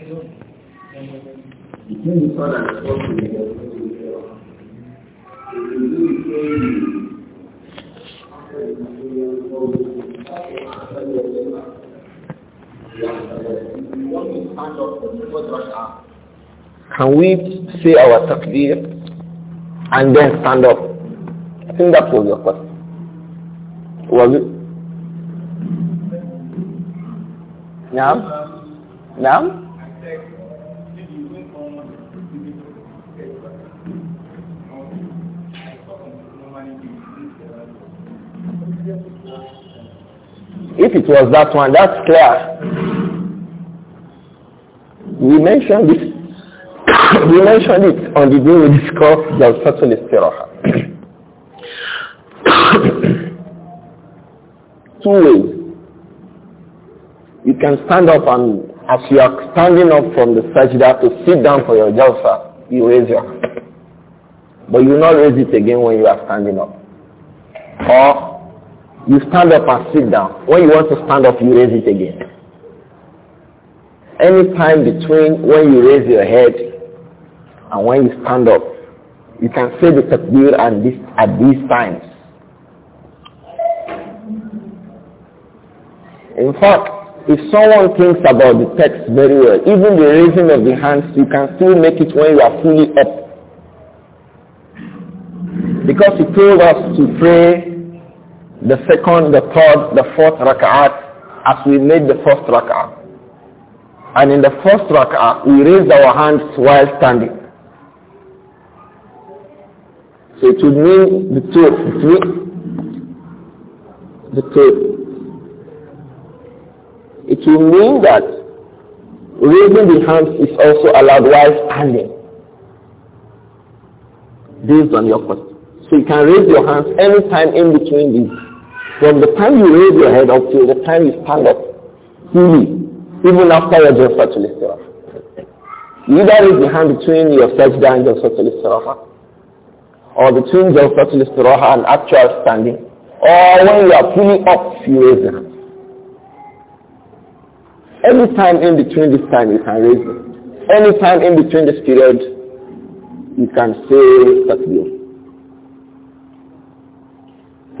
can we say our takbir and then stand up? I think that was your question. Was it? Now? Now? If it was that one, that's clear. We mentioned this. we mentioned it on the day we discussed the Satul Istiraha. Two ways. You can stand up and as you are standing up from the sajda to sit down for your jalsa, you raise your hand. But you will not raise it again when you are standing up. Or you stand up and sit down. When you want to stand up, you raise it again. Any time between when you raise your head and when you stand up, you can say the takbir and this, at these times. In fact, if someone thinks about the text very well, even the raising of the hands, you can still make it when you are fully up. Because he told us to pray the second, the third, the fourth rak'at as we made the first rak'at. And in the first rak'at, we raised our hands while standing. So it would mean the two, three, the two. It will mean that raising the hands is also allowed while standing. Based on your question. So you can raise your hands anytime in between these. From the time you raise your head up to the time you stand up, fully, even after your Jafatul Istirafah. Either is the hand between your sajda and Jafatul Istirafah, or between Jafatul Istirafah and actual standing, or when you are fully up, you raise your hand. Any time in between this time, you can raise it. Any time in between this period, you can say takbir.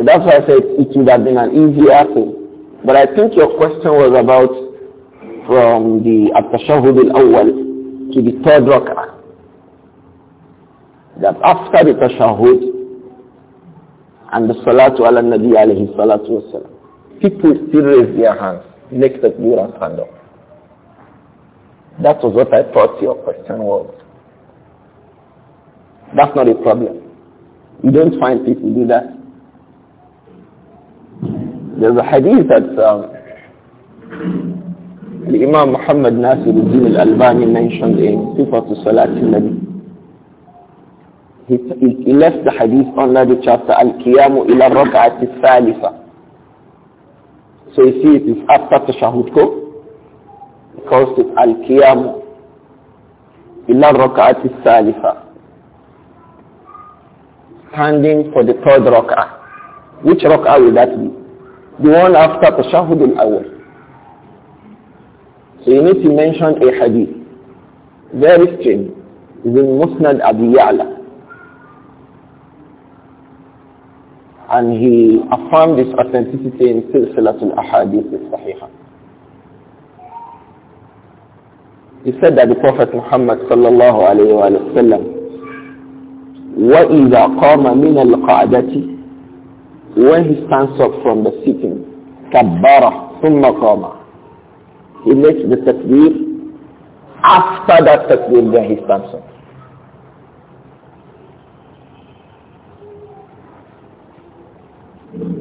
So that's why I said it would have been an easier thing. But I think your question was about from the at in al to the third rak'ah. That after the Tashahud and the Salatu ala Nabi alayhi salatu wasalam, people still raise their hands, make the and stand up. That was what I thought your question was. That's not a problem. You don't find people do that. There's a hadith that um, the Imam Muhammad Nasiruddin al-Albani mentioned in Sifat al-Salat al-Nabi. He, left the hadith under the chapter Al-Qiyamu ila rak'at al-Thalitha. So you see it is after Tashahud Ko. calls it Al-Qiyamu ila rak'at al-Thalitha. Standing for the third rak'ah. Which rak'ah will that be? The one after Tashahud al-Awwal. So you need to mention a hadith. Very strange. It's in Musnad Abi Ya'la. And he affirmed its authenticity in Silsilatul Ahadith al-Sahihah. He said that the Prophet Muhammad sallallahu alayhi wa sallam وَإِذَا قَامَ مِنَ الْقَعْدَةِ when he stands up from the sitting, كَبَّرَ ثُمَّ قَامَ He makes the takbir. After that takbir, then he stands up.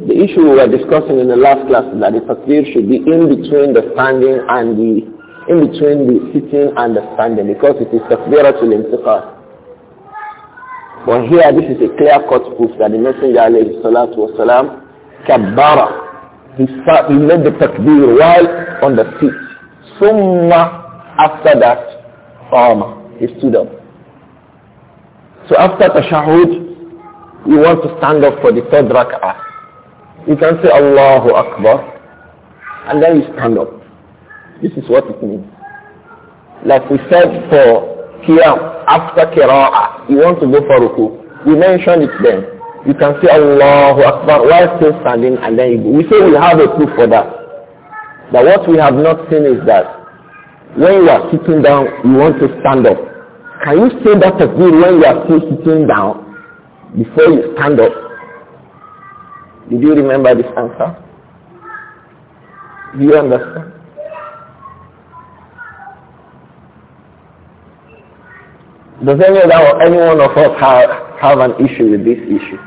The issue we were discussing in the last class is that the takbir should be in between the standing and the, in between the sitting and the standing because it is takbiratul intiqas. But here, this is a clear-cut proof that the Messenger of Allah, wasalam, kabbara, he, he made the takbir while on the seat. Summa, after that, um, he stood up. So after tashahud, you want to stand up for the third rak'ah. You can say Allahu Akbar, and then you stand up. This is what it means. Like we said for Qiyam, after kera, you want to go for ruku, we mentioned it then. You can say Allahu Akbar while still standing and then you go. We say we have a proof for that. But what we have not seen is that when you are sitting down, you want to stand up. Can you say that of me when you are still sitting down before you stand up? Did you remember this answer? Do you understand? Does any, other, any one of us have, have an issue with this issue?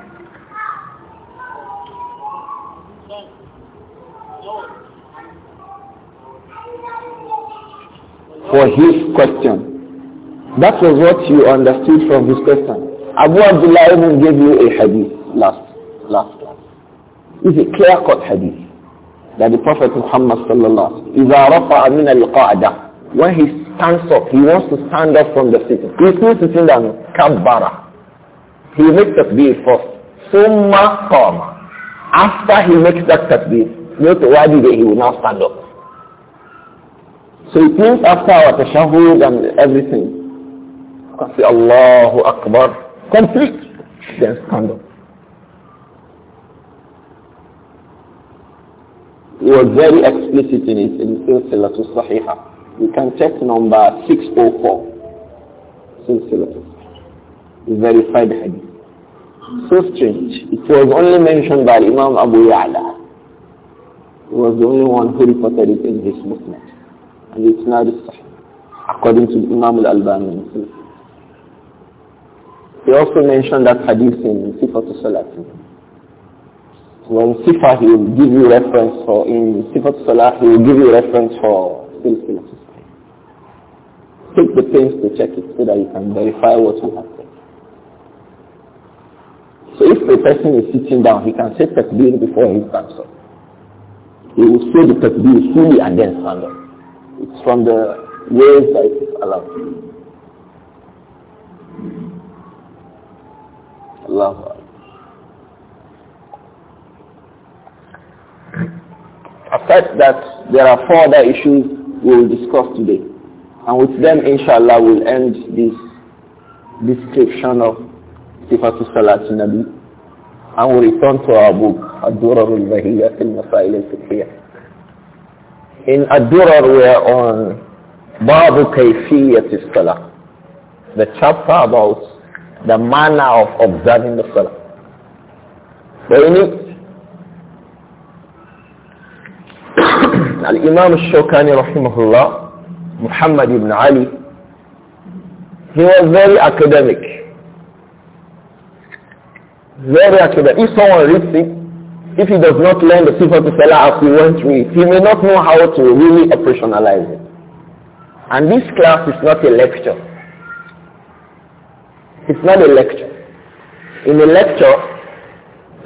For his question. That was what you understood from his question. Abu Abdullah even gave you a hadith last, last class. It's a clear-cut hadith that the Prophet Muhammad sallallahu alaihi wasallam, إذا رفع من القاعدة, when he stands up. He wants to stand up from the seat. He's still sitting down. Kabbara. He makes takbir first. Summa qama. After he makes that takbir, not wadi he will now stand up. So it means after our tashahud and everything, say Allahu Akbar, complete, then stand up. He was very explicit in it in Silsilatul Sahihah. You can check number 604. Silsilah. Verified hadith. So strange. It was only mentioned by Imam Abu Ya'la. He was the only one who reported it in his Muslim. And it's not sahih, according to Imam al-Albani himself. He also mentioned that hadith in Sifa to Salatin when Sifa he will give you reference for in Sifa to Salah he will give you reference for Silsila. Take the pains to check it so that you can verify what you have said. So if a person is sitting down, he can say takbir before he stands up. He will say the takbir fully and then stand up. It's from the ways that it is allowed. Allah. Aside that, there are four other issues we will discuss today. And with them, inshallah, we'll end this description of Sifatul Salat Nabi. And we'll return to our book, Ad-Durar al-Bahiyya al Masail al-Fiqhiyya. In Ad-Durar, we're on Babu Kayfiyyat Salah. The chapter about the manner of observing the Salah. So in it, الإمام الشوكاني رحمه الله Muhammad ibn Ali, he was very academic. Very academic. If someone reads it, if he does not learn the Sifat Salah as he went through it, he may not know how to really operationalize it. And this class is not a lecture. It's not a lecture. In a lecture,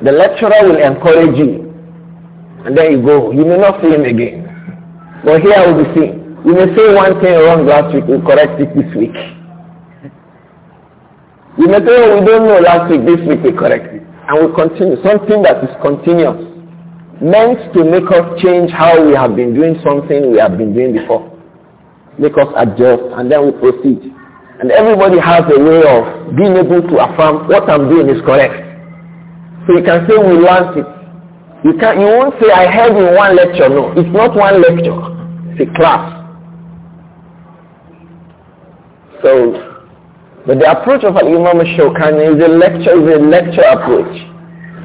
the lecturer will encourage you. And there you go. You may not see him again. But here I will be seen. You may say one thing wrong last week, we'll correct it this week. You may say, oh, we don't know last week, this week we correct it. And we continue. Something that is continuous. Meant to make us change how we have been doing something we have been doing before. Make us adjust and then we proceed. And everybody has a way of being able to affirm what I'm doing is correct. So you can say we learned it. You, can, you won't say I heard in one lecture. No, it's not one lecture. It's a class. So, but the approach of Al-Imam Shawkani is a lecture, is a lecture approach.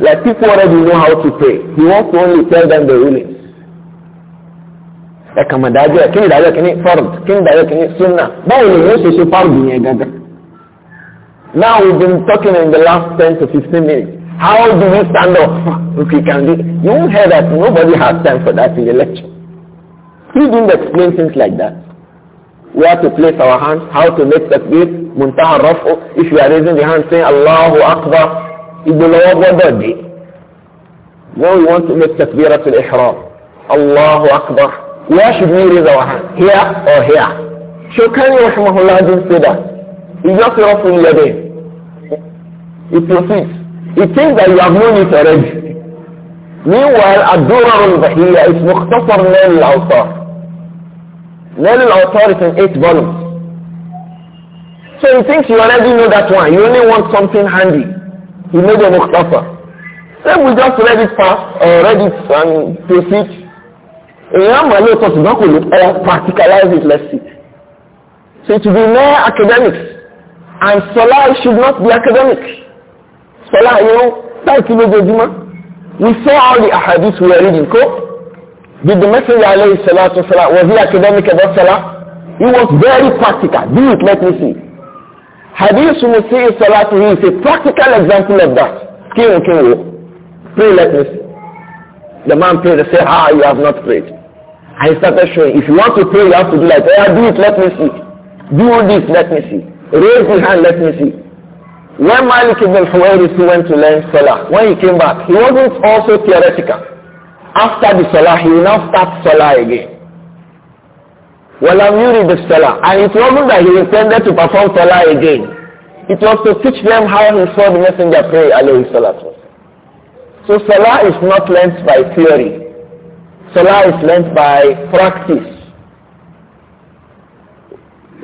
Like people already know how to pray. He wants to only tell them the rulings. Ẹ kàn máa dájọ́ ẹ̀ kí ni dájọ́ kí ni Now we've been talking in the last ten to fifteen minutes. How do we stand up if we can do You won't hear that. Nobody has time for that in the lecture. He didn't explain things like that. where to place our hands, how to make takbir, muntaha rafu, if you are raising the hand saying Allahu Akbar, ibulawa gbọdọ̀dé. When we want to make takbir to ihram, Allahu Akbar, where should we raise our hand? Here or here? can Shokani rahimahullah didn't say that. He just rafu day. He proceeds. He thinks that you have known it already. Meanwhile, al البحية is مختصر من الأوصاف. Learning authority in eight volumes. So he thinks you already know that one. You only want something handy. He made a mukhtasar. Then we just read it fast, uh, read it and proceed. Ìyá Màlẹ́ ọ̀tọ̀ ṣùgbọ́n kò it. ọ̀ practicalize it let's see. So it will be more academics and Salah should not be academic. Salah, you know, láì kí lójoojúmọ́. We saw all the ahadith we are reading, kó. Did the Messenger alayhi salatu salam, was he academic about salah? He was very practical. Do it, let me see. Hadith Musi salatu is a practical example of that. King King Pray, let me see. The man prayed and said, ah, you have not prayed. I started showing, if you want to pray, you have to do like, oh, do it, let me see. Do this, let me see. Raise your hand, let me see. When Malik ibn Huwairis went to learn Salah, when he came back, he wasn't also theoretical. after the salah, he will now start salah again. Walam yuri the salah. And it wasn't that he intended to perform salah again. It was to teach them how he saw the messenger pray, alayhi salatu So salah is not learnt by theory. Salah is learnt by practice.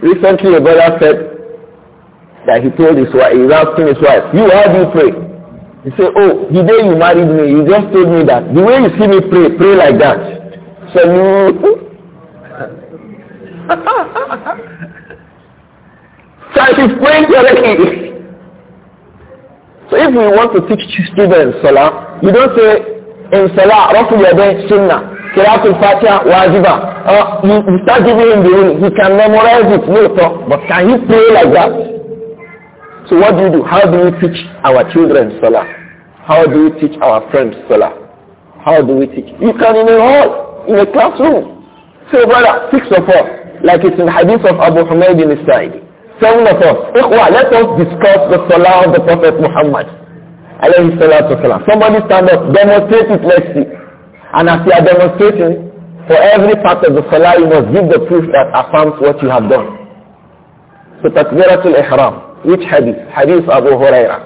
Recently a brother said that he told his wife, he was asking his wife, you, how do you pray? You say, oh, the day you married me, you just told me that. The way you see me pray, pray like that. So you... so it is praying correctly. So if we want to teach students Salah, you don't say, in Salah, Rafu Yadeh Sunnah, Kiratul Fatiha, Wajiba. Uh, you, you start giving him the rule, He can memorize it, no talk. But can he pray like that? So what do you do? How do we teach our children Salah? How do we teach our friends Salah? How do we teach? You can in a hall, in a classroom. Say, brother, six of us, like it's in hadith of Abu Hamid in Sa'idi. Seven of us. Ikhwa, let us discuss the Salah of the Prophet Muhammad. Alayhi salatu salam. Somebody stand up, demonstrate it, let's see. And as you are demonstrating, for every part of the Salah, you must give the proof that affirms what you have done. So, takbiratul ihram. Which hadith? Hadith Abu Huraira.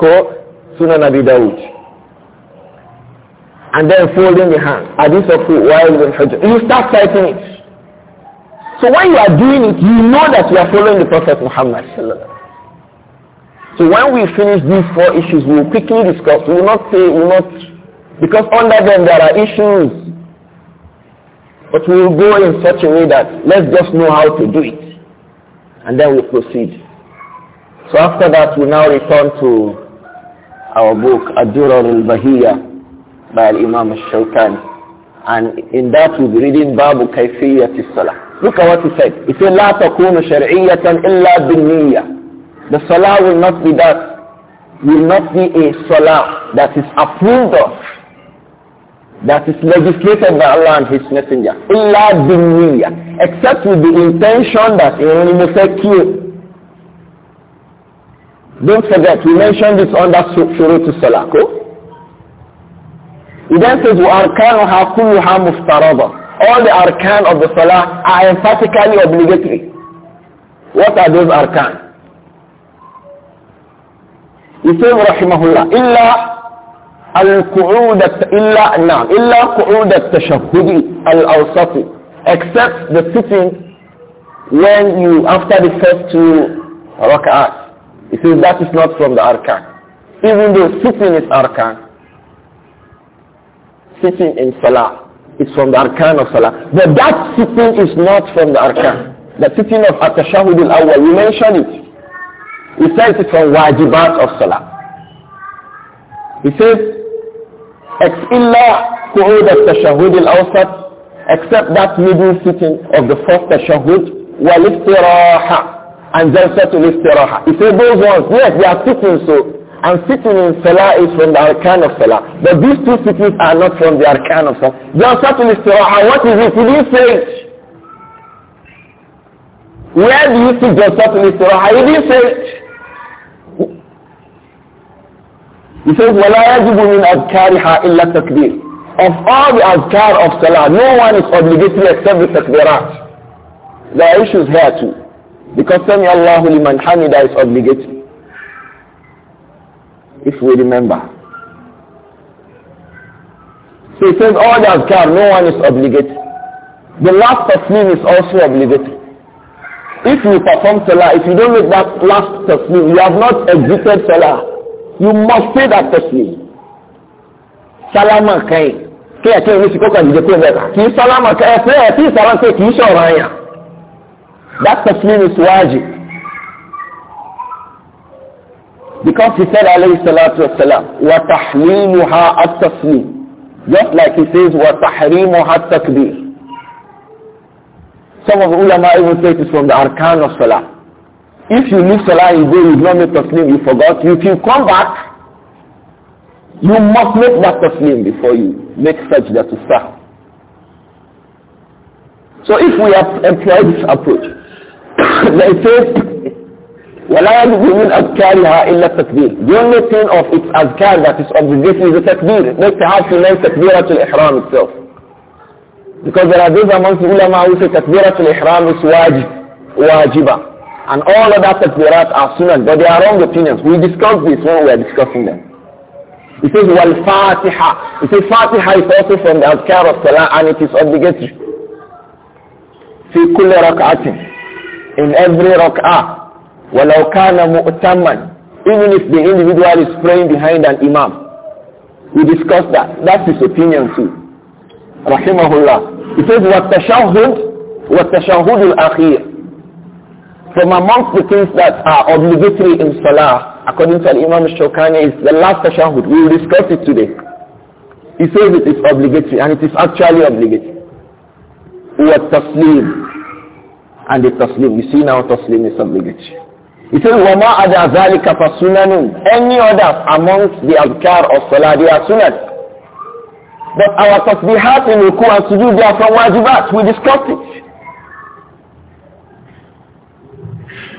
Ko Sunan Abi Dawud. And then folding the hand. Hadith of Wild bin Hujr. You start citing it. So when you are doing it, you know that you are following the Prophet Muhammad So when we finish these four issues, we will quickly discuss. We will not say, we will not, because under them there are issues. But we will go in such a way that let's just know how to do it. And then we we'll proceed. So after that, we now return to our book, ad al-Bahiyya by Imam al-Shawkani. And in that we'll be reading Babu Kayfiyyat al-Salah. Look at what he said. He said, لا تكون شرعية إلا بالنية. The Salah will not be that, will not be a Salah that is approved of, that is legislated by Allah and His Messenger. إلا بالنية. Except with the intention that, you know, don't forget, we mentioned this under al Salako. He then says, وَأَرْكَانُهَا كُلُّهَا مُفْتَرَضَةً All the arkan of the salah are emphatically obligatory. What are those arkan? He says, رحمه إِلَّا القعود إلا نعم إلا قعود التشهد الأوسط except the sitting when you after the first two rak'at he says that is not from the arkan. Even though sitting is arkan, sitting in salah is from the arkan of salah. But that sitting is not from the arkan. The sitting of at-tashahud al-awwal, we mentioned it. He says it's from wajibat of salah. He says, except that middle sitting of the first tashahud والاستراحة and Jalsatul Istiraha. He said those ones, yes, they are sitting so. And sitting in Salah is from the Arkan of Salah. But these two sittings are not from the Arkan of Salah. Jalsatul Istiraha, what is it? He didn't say it. Where do you see Jalsatul Istiraha? He didn't say it. He says, وَلَا يَجِبُ مِنْ أَذْكَارِهَا إِلَّا تَكْبِيرٌ Of all the azkar of Salah, no one is obligatory except the takbirat. There are issues here too. Because Sami Allahu liman hamida is obligatory. If we remember. So he says all that adhkar, no one is obligatory. The last taslim is also obligatory. If you perform salah, if you don't make that last taslim, you have not exited salah. You must pay that taslim. Salama kai. Kí ẹ̀kẹ́ ìlú ti kọ́kọ́ ìdíje kúrò mẹ́ta. Kì í salama kai ẹ̀ fẹ́ ẹ̀ tí ìsàlá pé kì í ṣọ̀rọ̀ àyàn. That taslim is wajib. Because he said alayhi salatu wasalam, وَتَحْلِيمُهَا التَّسْلِيمُ Just like he says, wa وَتَحْرِيمُهَا التَّكْبِيرُ Some of the ulama even say this from the arkan of salah. If you leave salah and go, you do not make taslim, you forgot. If you come back, you must make that taslim before you make that to start. So if we have employed this approach, they say ولا يجب من أذكارها إلا التكبير the only thing of its أذكار that is obligatory is the تكبير not to have to know تكبيرة الإحرام itself because there are those amongst the ulama who say تكبيرة الإحرام is واجب واجبة and all other takbirat are sunnah but they are wrong opinions we discuss this when we are discussing them it says wal-fatiha it says fatiha is also from the أذكار of Salah and it is obligatory في كل ركعة in every rak'ah. وَلَوْ كَانَ مُؤْتَمًا Even if the individual is praying behind an imam. We discussed that. That's his opinion too. Rahimahullah. He says, وَالتَّشَهُدُ وَالتَّشَهُدُ الْأَخِيرُ From amongst the things that are obligatory in Salah, according to Imam Shawkani, is the last tashahud. We will discuss it today. He says it is obligatory, and it is actually obligatory. وَالتَّسْلِيمُ and the taslim. You see now taslim is obligatory. He says, وَمَا أَدَى ذَلِكَ فَسُنَنٌ Any others amongst the adhkar of salah, they are sunnah. But our tasbihat in ruku and sujood, they are from wajibat. We discussed it.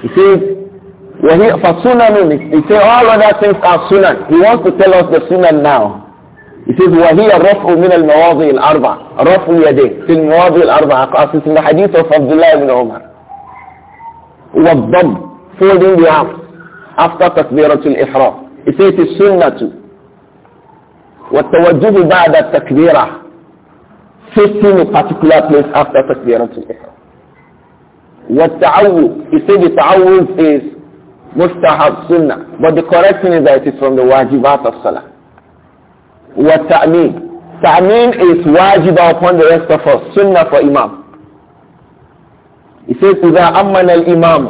He says, "For فَسُنَنٌ He says, all other things are sunan." He wants to tell us the sunan now. إذ وهي الرفع من المواضع الأربعة رفع اليدين في المواضع الأربعة من الحديث وفضل الله من عمر والضم فولين بعام أفتر تكبيرة الإحرام إثيت السنة والتوجد بعد التكبيرة في السنة particular place أفتر تكبيرة الإحرام والتعوذ إثيت التعوذ is مستحب سنة but the correction is that it is from the واجبات الصلاة What ta'meen? Ta'meen is wajib upon the rest of us. Sunnah for Imam. He says, إِذَا أَمَّنَ الْإِمَامُ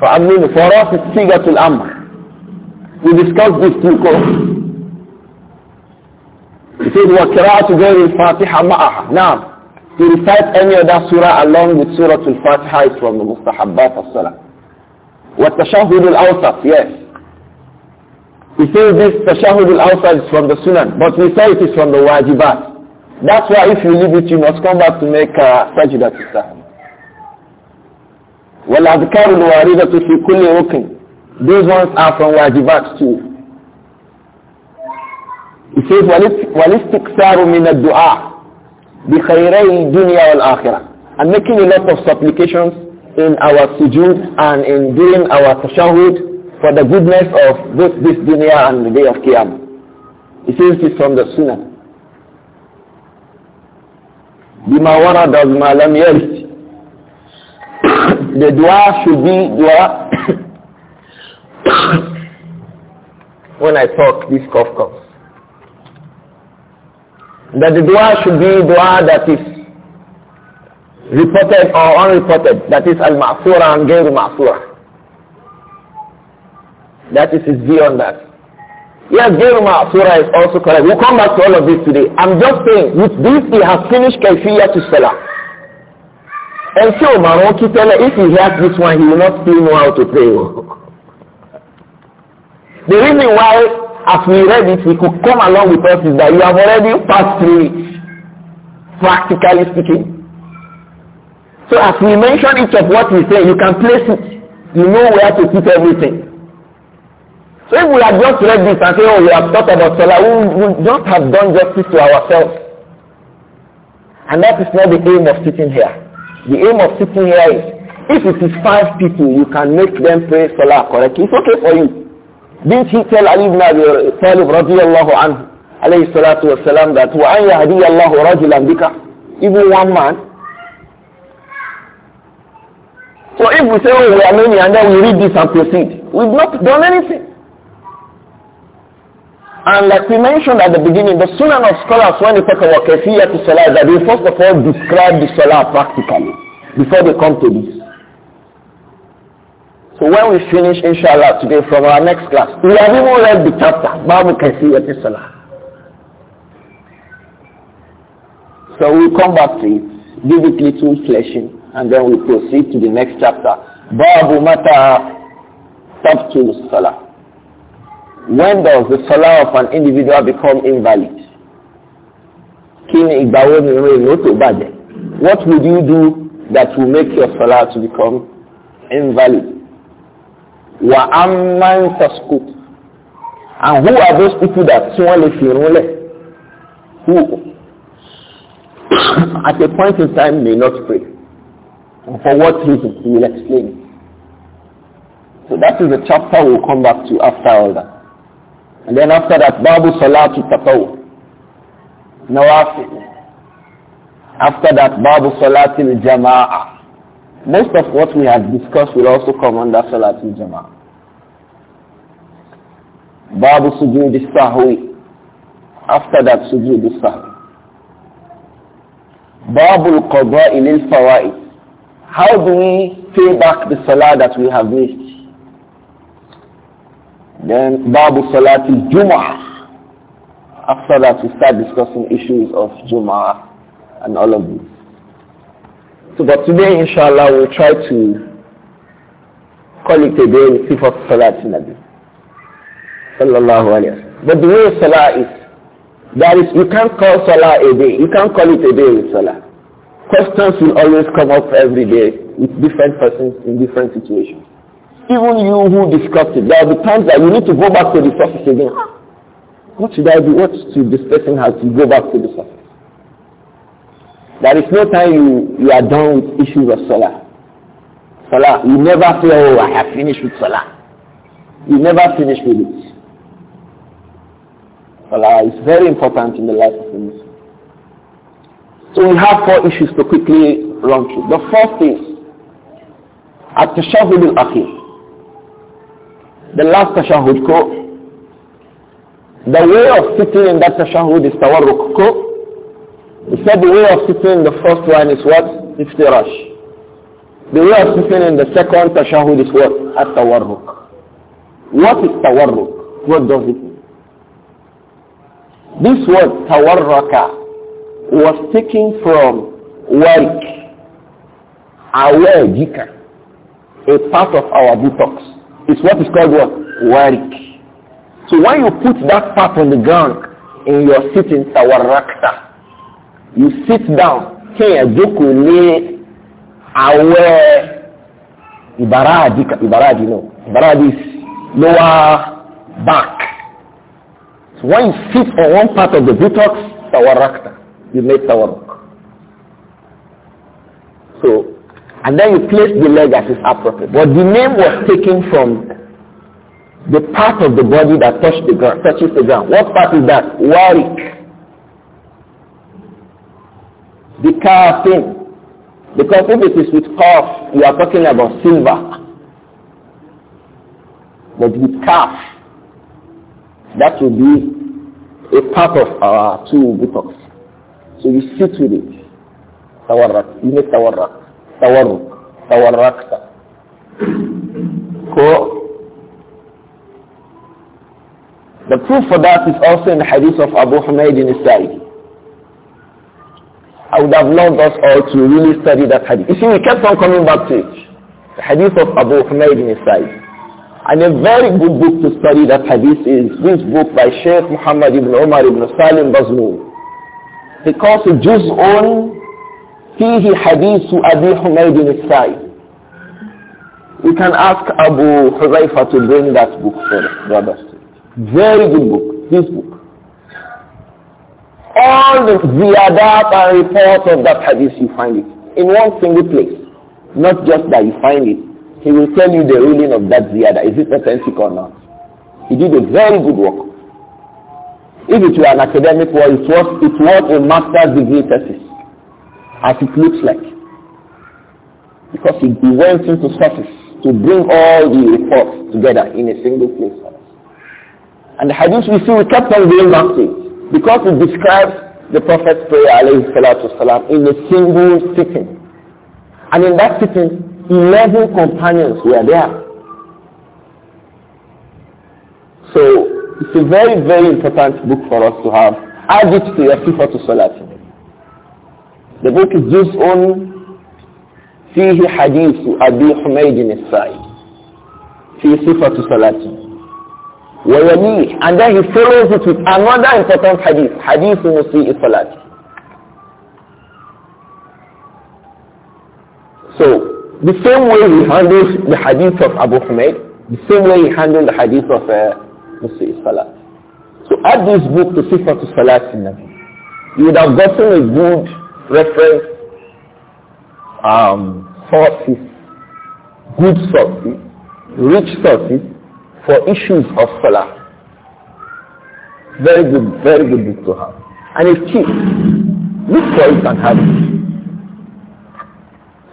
فَأَمِّنُ For us it's sigatul amr. We discussed this two course. He says, وَقِرَاءَةُ غَيْرِ الْفَاتِحَةِ مَعَهَا Now, to recite any other surah along with surah al-Fatiha is from the mustahabbat of salah. وَالتَّشَهُدُ الْأَوْسَطِ Yes. He says this tashahudul al is from the sunan, but we say it is from the wajibat. That's why if you leave it, you must come back to make uh, sajda to sahwi. وَالْأَذْكَارُ الْوَارِدَةُ فِي كُلِّ رُكْنٍ Those ones are from wajibat too. He says, dua, مِنَ الدُّعَاءِ dunya الدُّنْيَا akhirah. And making a lot of supplications in our sujood and in doing our tashahud for the goodness of both this dunya and the day of Qiyamah. He says this from the Sunnah. بما ورد ما لم يرد the dua should be dua when I talk this cough comes that the dua should be dua that is reported or unreported that is al-ma'fura and غير ma'fura that is his view on that. Yes, Jeruma Surah is also correct. We'll come back to all of this today. I'm just saying, with this he has finished Kaifiyya to Salah. And so Maron Kitele, if he has this one, he will not still know how to pray. the reason why, as we read it, he could come along with us is that you have already passed through it, practically speaking. So as we mentioned each of what we say, you can place it. You know where to put everything. So if we had just read this and say, oh, we have thought about Salah, we would not have done justice to ourselves. And that is not the aim of sitting here. The aim of sitting here is, if it is five people, you can make them pray Salah correctly. It's okay for you. Didn't he tell Ali ibn Abi Talib radiallahu anhu, alayhi salatu wasalam, that وَأَنْ يَهْدِيَ اللَّهُ رَجِلًا بِكَ Even one man, so if we say, oh, we are many, and then we read this and proceed, we've not done anything. And like we mentioned at the beginning, the sunnah of scholars when they talk about kafiyah to salah that they first of all describe the salah practically before they come to this. So when we finish, inshallah, today from our next class, we have even read the chapter, Babu kafiyah to salah. So we'll come back to it, give it little fleshing, and then we will proceed to the next chapter. Babu mata tabtul salah. When does the salah of an individual become invalid? What would you do that will make your salah to become invalid? وَأَمَّنْ تَسْكُتُ And who are those people that someone if you Who at a point in time may not pray? And for what reason? We will explain. So that is the chapter we'll come back to after all that. And then after that, Babu Salatu Taqaw. Nawafil. After that, Babu Salatil Jama'ah. Most of what we have discussed will also come under Salatul Jama'ah. Babu Sujud Sahwi. After that, Sujud Sahwi. Babu Qada'i Lil Fawaid. How do we pay back the Salah that we have missed? Then Babu Salatul Jum'ah. After that, we start discussing issues of Jum'ah and all of this. So, but today, inshallah, we'll try to call it a day in Sifat Salat Nabi. Sallallahu alayhi But the way Salah is, that is, you can't call Salah a day. You can't call it a day with Salah. Questions will always come up every day with different persons in different situations. Even you who discussed it, there are the times that you need to go back to the surface again. Ah, what should I do? What should this person have to go back to the surface? There is no time you, you are done with issues of Salah. Salah, you never say, oh, I have finished with Salah. You never finish with it. Salah is very important in the life of a Muslim. So we have four issues to quickly run through. The first is at the al-akhir the last tashahud ko. The way of sitting in that tashahud is tawarruk ko. He said the way of sitting in the first one is what? Iftirash. The way of sitting in the second tashahud is what? At-tawarruk. What is tawarruk? What does it mean? This word tawarraka was taken from warik, awajika, a part of our buttocks. It's what is called what? Warik. So when you put that part on the ground in your sitting, tawarakta, you sit down. Kenya joko le awe ibaraji, ibaraji no. Ibaraji is lower back. So when you sit on one part of the buttocks, tawarakta. You make tawaruk. So And then you place the leg as is appropriate. But the name was taken from the part of the body that touch the ground, touches the ground. What part is that? Warik. The thing. Because if it is with calf, you are talking about silver. But with calf, that will be a part of our two buttocks. So you sit with it. Tawarrak. You make tawarrak tawarruk tawarrakta ko The proof for that is also in the hadith of Abu Humayd in Israel. I would have loved us all to really study that hadith. You see, we kept on coming back to it. The hadith of Abu Humayd in Israel. And a very good book to study that hadith is this book by Sheikh Muhammad ibn Umar ibn Salim Bazmoon. He calls it Juz'un فيه حديث أبي حميد السائب You can ask Abu Huzaifa to bring that book for us, brothers. Very good book, his book. All the ziyadat and reports of that hadith, you find it in one single place. Not just that you find it. He will tell you the ruling of that ziyadah. Is it authentic or not? He did a very good work. If it were an academic work, it was, it was a master's degree thesis as it looks like. Because he, went into surface to bring all the reports together in a single place. And the hadith we see, we kept on going back to it because it describes the Prophet's prayer alayhi in a single sitting. And in that sitting, 11 companions were there. So it's a very, very important book for us to have. Add it to your sifatu salatin. The book is just on فيه حديث أبي حميد السائي في صفة صلاته ويليه and then he follows it with another important hadith حديث مسيء صلاته so the same way he handles the hadith of Abu Hamid, the same way he handled the hadith of uh, مسيء Salat. so add this book to صفة صلاة النبي you would have gotten a good reference um, sources, good sources, rich sources for issues of Salah. Very good, very good book to have. And it's cheap. Look for it and have it.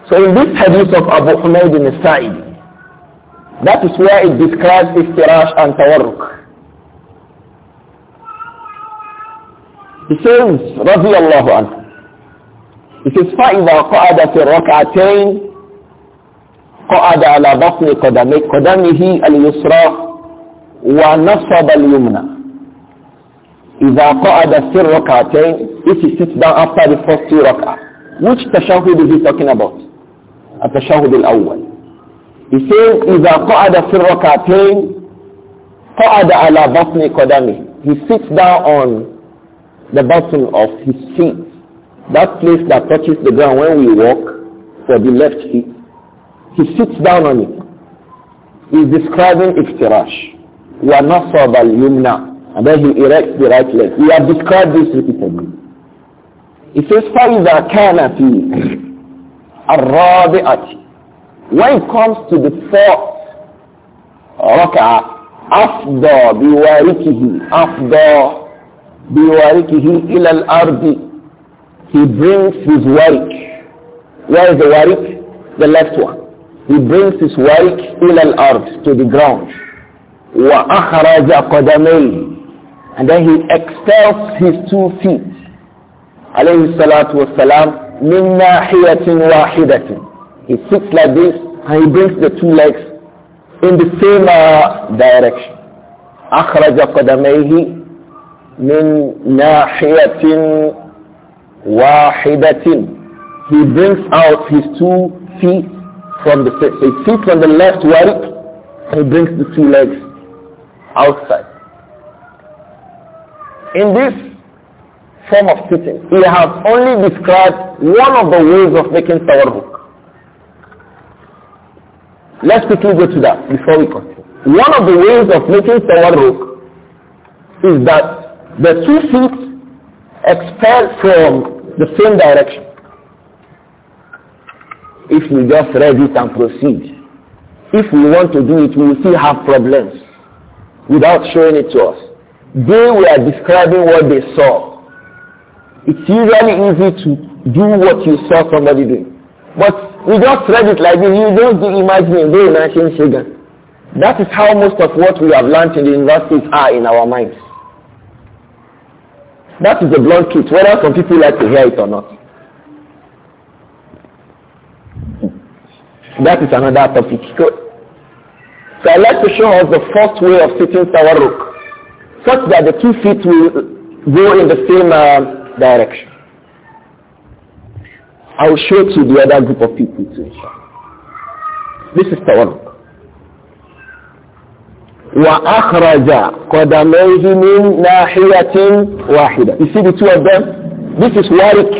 So in this hadith of Abu Humayd in Sa'id, that is where it describes istirash and tawarruk. He says, رضي الله عنه, الاستسقاء اذا قعد في الركعتين قعد على بطن قدمه اليسرى ونصب اليمنى اذا قعد في الركعتين it is sit down after the first two rak'ah which tashahud is he talking about التشهد الاول he says اذا قعد في الركعتين قعد على بطن قدمه he sits down on the bottom of his feet That place that touches the ground when we walk for the left feet, he sits down on it. He's describing iftirash. وَنَصَبَ الْيُمْنَى And then he erects the right leg. We have described this repeatedly. He says, فَإِذَا كَانَ فِي الرَّابِعَةِ When it comes to the fourth ركعة أفضى بواركه أفضى بواركه إلى الأرض he brings his warik. Where is the warik? The left one. He brings his warik ila al-ard, to the ground. وَأَخْرَجَ قَدَمَيْهِ And then he expels his two feet. عليه الصلاة والسلام من ناحية واحدة. He sits like this and he brings the two legs in the same uh, direction. أخرج قدميه من ناحية wahidatin. He brings out his two feet from the his feet from the left warik. He brings the two legs outside. In this form of sitting, he has only described one of the ways of making tawarruk. Let's quickly go to that before we continue. One of the ways of making tawarruk is that the two feet expelled from the same direction. If we just read it and proceed, if we want to do it, we will still have problems without showing it to us. They were describing what they saw. It's usually easy to do what you saw somebody doing. But we just read it like this. You don't do imagining, do imagine Shagan. That is how most of what we have learned in the universities are in our minds. That is the blunt truth, whether some people like to hear it or not. That is another topic. So i like to show us the first way of sitting Tawaruk, such that the two feet will go in the same uh, direction. I will show to the other group of people too. This is Tawaruk. وأخرج قدميه min ناحية wahida You see the two of them? This is warik.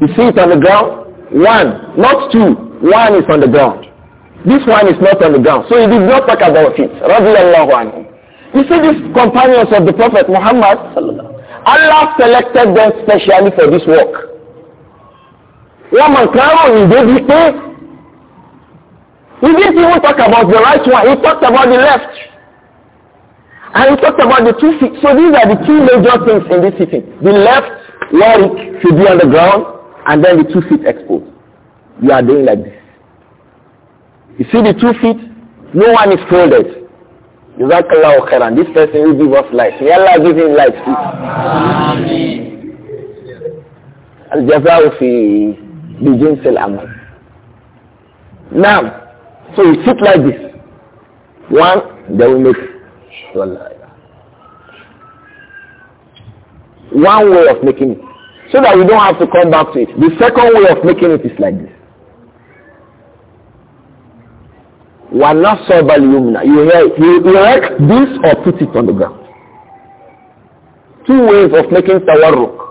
You see it on the ground? One, not two. One is on the ground. This one is not on the ground. So he did not talk about it. Radiallahu anhu. You see these companions of the Prophet Muhammad, Allah selected them specially for this work. وَمَنْ كَانُوا يُدَبِّكُ he didn't even talk about the right one. He talked about the left. And he talked about the two feet. So these are the two major things in this city: The left leg should be on the ground and then the two feet exposed. You are doing like this. You see the two feet? No one is folded. Jazakallahu This person will give us life. May Allah give him life. Al-jaza'u fi bijinsil amal. Now, so you sit like this. One, they will make One way of making it. So that you don't have to come back to it. The second way of making it is like this. One not so voluminous. You hear it. You erect this or put it on the ground. Two ways of making tawaruk.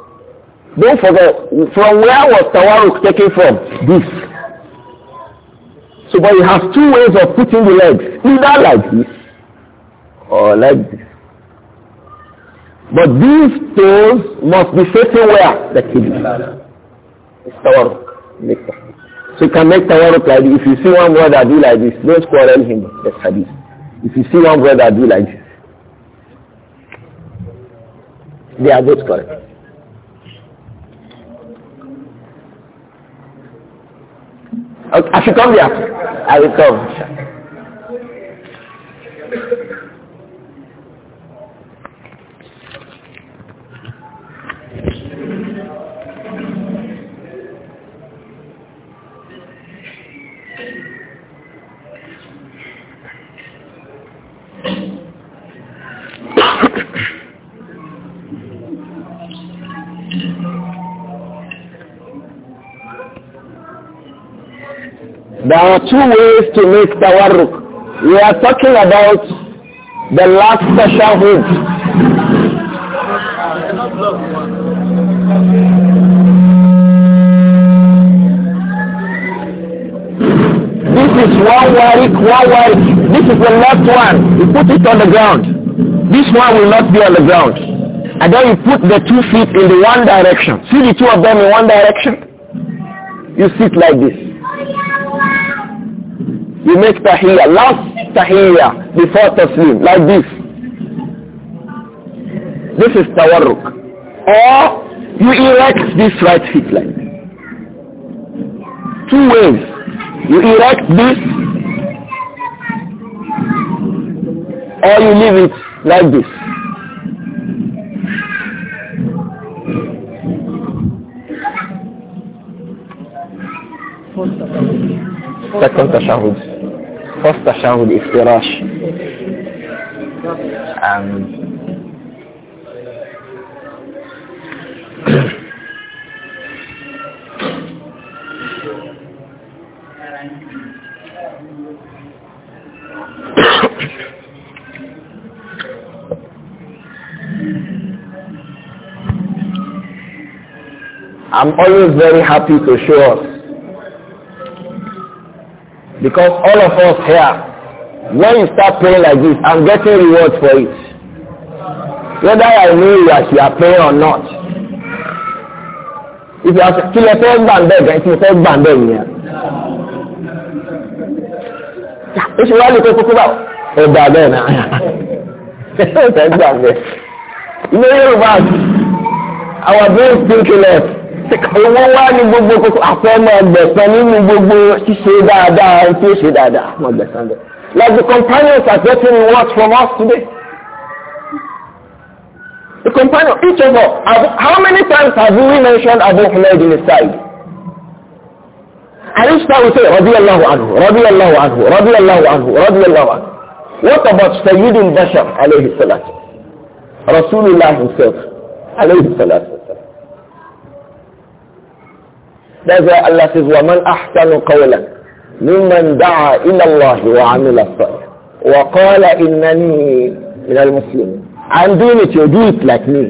Don't forget, from where was tawaruk taken from? This. So, but you have two ways of putting the legs, either like this or like this. But these toes must be facing where? The kidney. It's tawarruk. So you can make tawarruk like this. If you see one brother do like this, don't quarrel him. That's hadith. If you see one brother do like this, they are both correct. Okay, I should come here. I will There are two ways to make tawarruk. We are talking about the last tashahud. This is one warik, one warik. This is the last one. You put it on the ground. This one will not be on the ground. And then you put the two feet in the one direction. See the two of them in one direction? You sit like this. you make tahiya, last tahiya before taslim, like this. This is tawarruk. Or you erect this right foot like Two ways. You erect this or you leave it like this. Thank you. Second tashahud. First tashahud is firash. And I'm always very happy to show us Because all of us here, when you start praying like this, I'm getting reward for it. Whether I know you as you are praying or not. If you are kí lè fẹ́ gbà ń bẹ̀ gan, kí lè fẹ́ gbà ń bẹ̀ yẹn. Ó ṣe wá lè kó kókó bá ọ̀dà bẹ́ẹ̀ náà. Ṣé ó fẹ́ gbà bẹ́ẹ̀? Ilé Yorùbá, our brains think left owó wá ní gbogbo kókó àpò ọmọ ẹgbẹ̀sán nínú gbogbo ṣíṣe dáadáa tí ó ṣe dáadáa ọmọ ẹgbẹ̀sán bẹ̀. Like the companions are getting what from us today. The companions. each of us, how many times have we mentioned Abu Hamid in his side? And each time we say, رضي الله عنه, رضي الله عنه, رضي الله عنه, رضي الله عنه. What about Sayyid al-Bashar, alayhi salatu? Rasulullah himself, alayhi salatu. That's why Allah وَمَنْ أَحْسَنُ قَوْلًا ممن دعا إلى الله وعمل الصالح وقال إنني من المسلمين I'm doing it, you do it like me.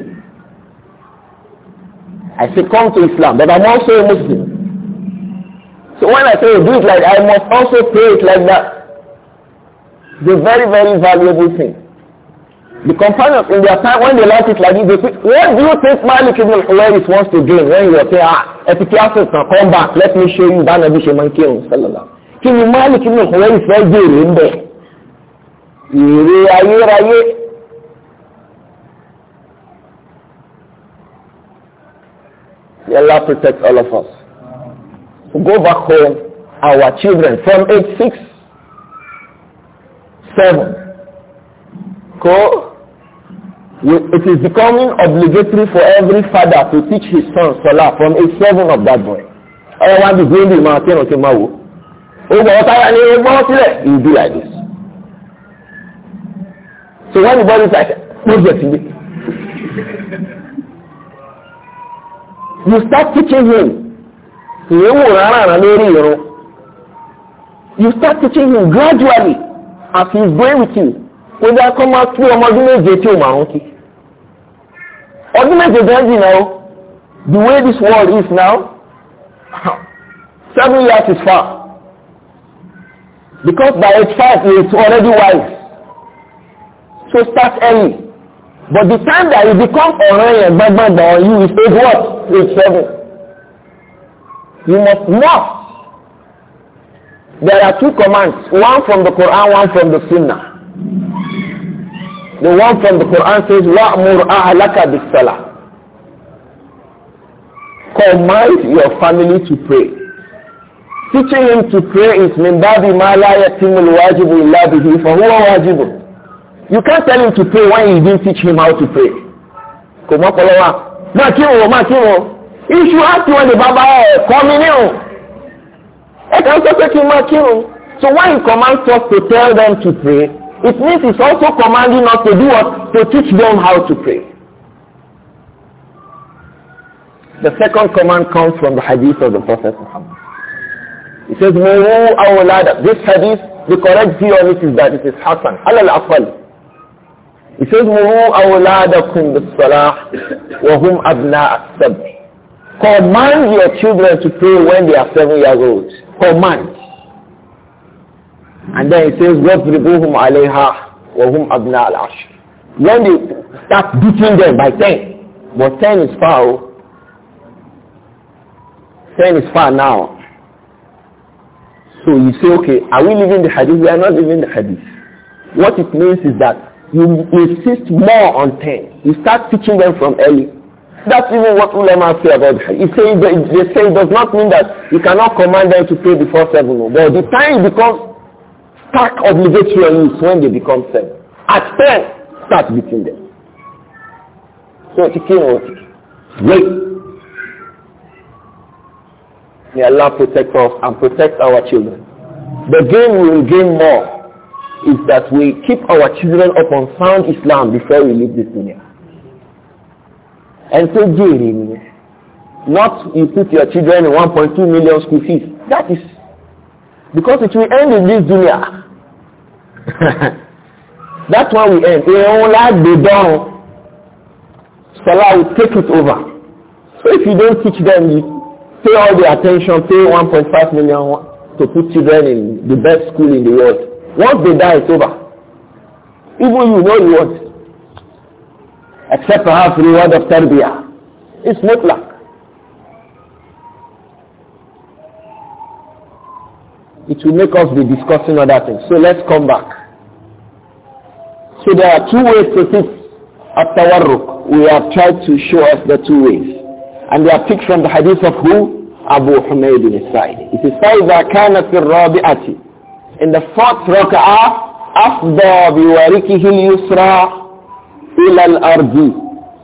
I say come to Islam, but I'm also a Muslim. So when I say do it like I must also pray it like that. It's a very, very valuable thing. The companions in their time, when they learned it like this, they say, what do you think Malik ibn al-Huwairis wants to gain when you say, ah, Epicurus can come back, let me show you Banabi Sheman Kirin, sallallahu Can you Malik ibn al-Huwairis fẹ́ You ń bẹ̀? Èrè ayérayé. May Allah protect all of us. So go back home, our children, from age six, seven, ko it is becoming obligatory for every father to teach his son sola from age seven of that boy ọyọ wa bi gbé ndì máa kírun kí n máa wò ó gbọ́dọ̀ táyà ní ẹgbọ́n sílẹ̀ you do like this so when the body is like project me you start teaching him ìwé wò rárá rán lórí irun you start teaching him gradually as he is going with you kódà kọ́ máa tú ọmọ ọdún méje tí o máa ń kí ọdún méje gan jìnnà o the way this world is now seven years is far because by age five he is already wise so start early but the time that you become ọ̀ranyàn gbọ́ngbọ́ngbà on you is age what age seven you must know there are two commands one from the Quran one from the Sunnah. The one from the Quran says, وَأْمُرْ أَهْلَكَ بِالصَّلَةِ Command your family to pray. Teaching him to pray is مِنْ بَابِ مَا لَا يَتِمُ الْوَاجِبُ إِلَّا بِهِ فَهُوَ واجب. You can't tell him to pray when you didn't teach him how to pray. Kò mọ́ pọ̀lọ́ wa. Má kí wọn, má kí wọn. Iṣu á ti wọn lè bàbá ẹ̀ kọ́ mi ní o. Ẹ kàn sọ pé kí n má kí wọn. So why you command us to tell them to pray, It means it's also commanding us to do what? To teach them how to pray. The second command comes from the hadith of the Prophet Muhammad. It says, Muru awlada. This hadith, the correct view on it is that it is Hasan. Alal afal. It says, Muru awladakum bis-salah wa hum Command your children to pray when they are seven years old. Command. And then it says, وَضْرِبُوهُمْ عَلَيْهَا وَهُمْ al الْعَشْرِ When they start beating them by 10, but 10 is far, 10 is far now. So you say, okay, are we leaving the hadith? We are not leaving the hadith. What it means is that you insist more on 10. You start teaching them from early. That's even what ulama say about the hadith. they say it does not mean that you cannot command them to pray before 7, but the time becomes Stack obligatory on youth when they become seven. At ten, start beating them. So chicken or chicken. Wait. May Allah protect us and protect our children. The gain we will gain more is that we keep our children upon sound Islam before we leave this dunya. And so gaining, not you put your children in 1.2 million school fees. That is because it will end in this dunya that one will end ìrún láàgbé dọ́rùn salah will take it over so if you don't teach them you pay all the attention pay one point five million to put children in the best school in the world once they die it's over even you know you want except perhaps reward of tarbiyah it's not mutlaq it will make us be discussing other things. So let's come back. So there are two ways to after at tawarruk. We have tried to show us the two ways. And they are picked from the hadith of who? Abu Humayd ibn Sa'id. It is فَإِذَا كَانَ rabi'ati. In the fourth rak'ah, أَفْضَى بِوَرِكِهِ ila al ardi.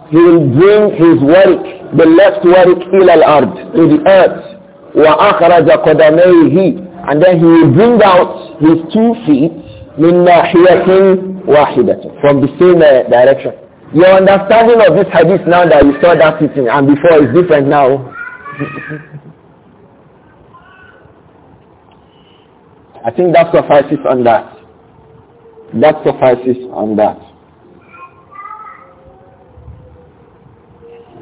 He will bring his warik, the left warik, al الْأَرْضِ To the earth. وَأَخْرَجَ قَدَمَيْهِ and then he will bring out his two feet from the same uh, direction. Your understanding of this hadith now that you saw that sitting and before is different now. I think that suffices on that. That suffices on that.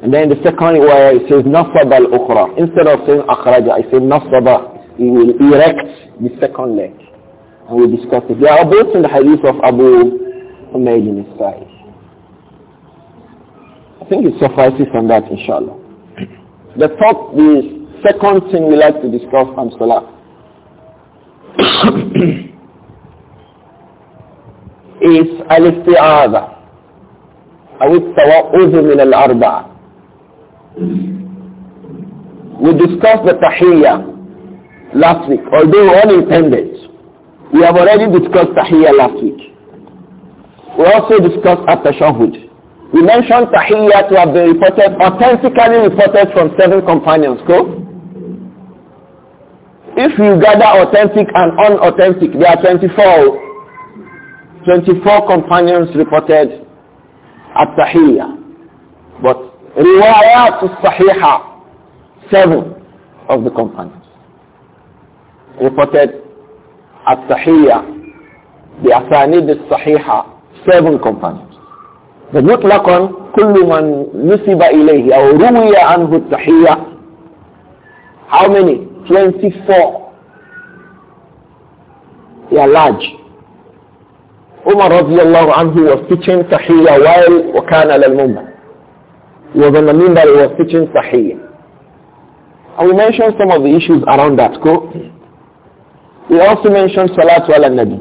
And then the second way it says نصب الأخرى instead of saying أخرج I say نصب we will erect the second leg. And we discuss it. There are both in the hadith of Abu Umayyad in Israel. I think it suffices on that, inshallah. The top, the second thing we like to discuss on Salah is al-isti'adha أو التوأذ Al Arba. We discuss the tahiyya last week, although unintended. We have already discussed Tahiyya last week. We also discussed At-Tashahud. We mentioned Tahiyya to have been reported, authentically reported from seven companions. Go. If you gather authentic and unauthentic, there are 24, 24 companions reported At-Tahiyya. But Riwayat Sahiha, seven of the companions reported As-Sahiyya, the Asanid As-Sahiha, seven companions. The mutlaqan kullu man nusiba ilayhi aw ruwiya anhu tahiyya How many? 24. They are large. Umar radiallahu anhu was teaching tahiyya while wakana lal mumbar. He was on the mimbar, he was teaching tahiyya. And we mentioned some of the issues around that. Go. He also mentioned Salatu ala Nabi.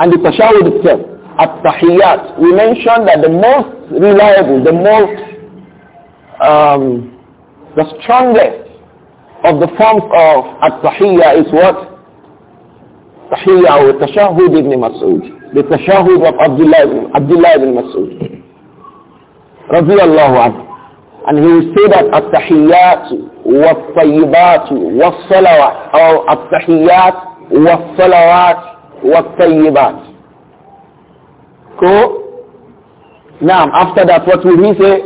And the Tashawud itself, At-Tahiyyat, we mentioned that the most reliable, the most, um, the strongest of the forms of At-Tahiyya is what? Tahiyyat or Tashahud ibn Mas'ud. The Tashahud of Abdullah ibn, Abdullah ibn Mas'ud. رضي الله عنه And he will say that التحيات والطيبات والصلوات أو التحيات والصلوات والطيبات Cool? Now, نعم. after that, what will he say?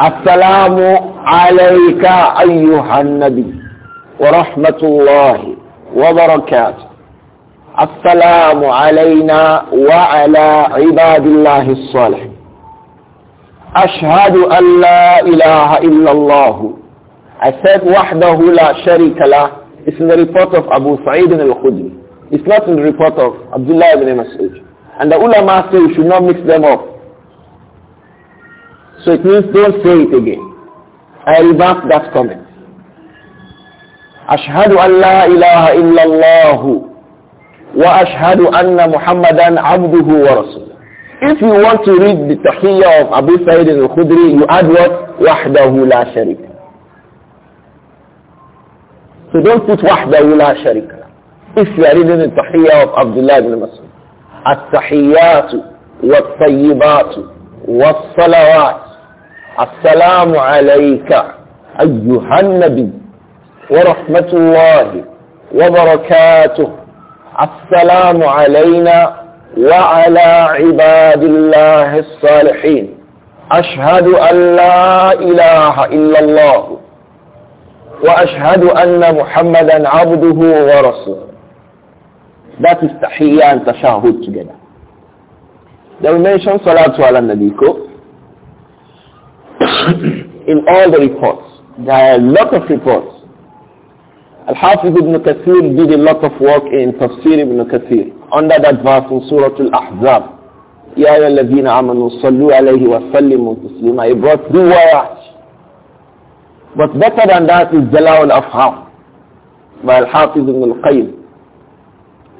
السلام عليك أيها النبي ورحمة الله وبركاته السلام علينا وعلى عباد الله الصالح ashhadu an la ilaha illallah I said wahdahu la sharika la it's in the report of Abu Sa'id al-Khudri it's not in the report of Abdullah ibn Mas'ud and the ulama say you should not mix them up so it means don't say it again I rebuff that comment أشهد Allah, لا إله إلا الله anna Muhammadan abduhu عبده ورسوله If you want to read the Tahiyyah of Abu Sayyid al-Khudri, you add what? وَحْدَهُ لَا شَرِكَ So don't put وَحْدَهُ لَا شَرِكَ If you are reading the Tahiyyah of Abdullah ibn Mas'ud. التحيات والطيبات والصلوات السلام عليك أيها النبي ورحمة الله وبركاته السلام علينا وعلى عباد الله الصالحين أشهد أن لا إله إلا الله وأشهد أن محمدا عبده ورسوله That is أن and tashahud together. نيشن صلاة mention salatu ala In all the reports, there are a lot of reports. Al-Hafiz ibn Kathir did a lot of work in Tafsir ibn Kathir. under that verse in Surah Al-Ahzab. "Ya أيها الذين آمنوا alayhi عليه وسلموا تسليما. He brought two ayahs. But better than that is Jalal al-Afham by Al-Hafiz ibn al-Qayyim.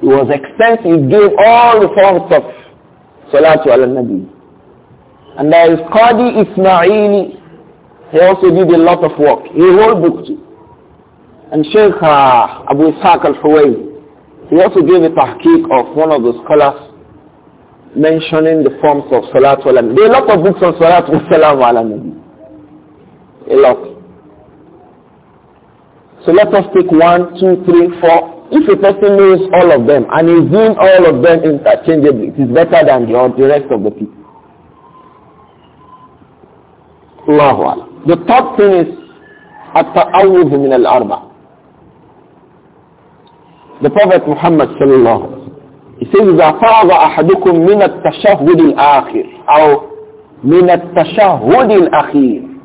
he was extensive. He gave all the forms of Salatu al-Nabi. And there is Qadi Ismaili. He also did a lot of work. He wrote book And Sheikh uh, Abu Ishaq al-Huwayni. He also gave a tahqiq of one of the scholars mentioning the forms of Salat wa There are a lot of books on Salat wa Salam wa A lot. So let us take one, two, three, four. If a person knows all of them and is doing all of them interchangeably, it is better than the, the rest of the people. Allahu The third thing is at-ta'awudh min al-arba' The Prophet Muhammad sallallahu he says, إِذَا فَعَضَ أَحَدُكُم مِنَ التَّشَهُدِ الْآخِرِ أو مِنَ التَّشَهُدِ الْأَخِيرِ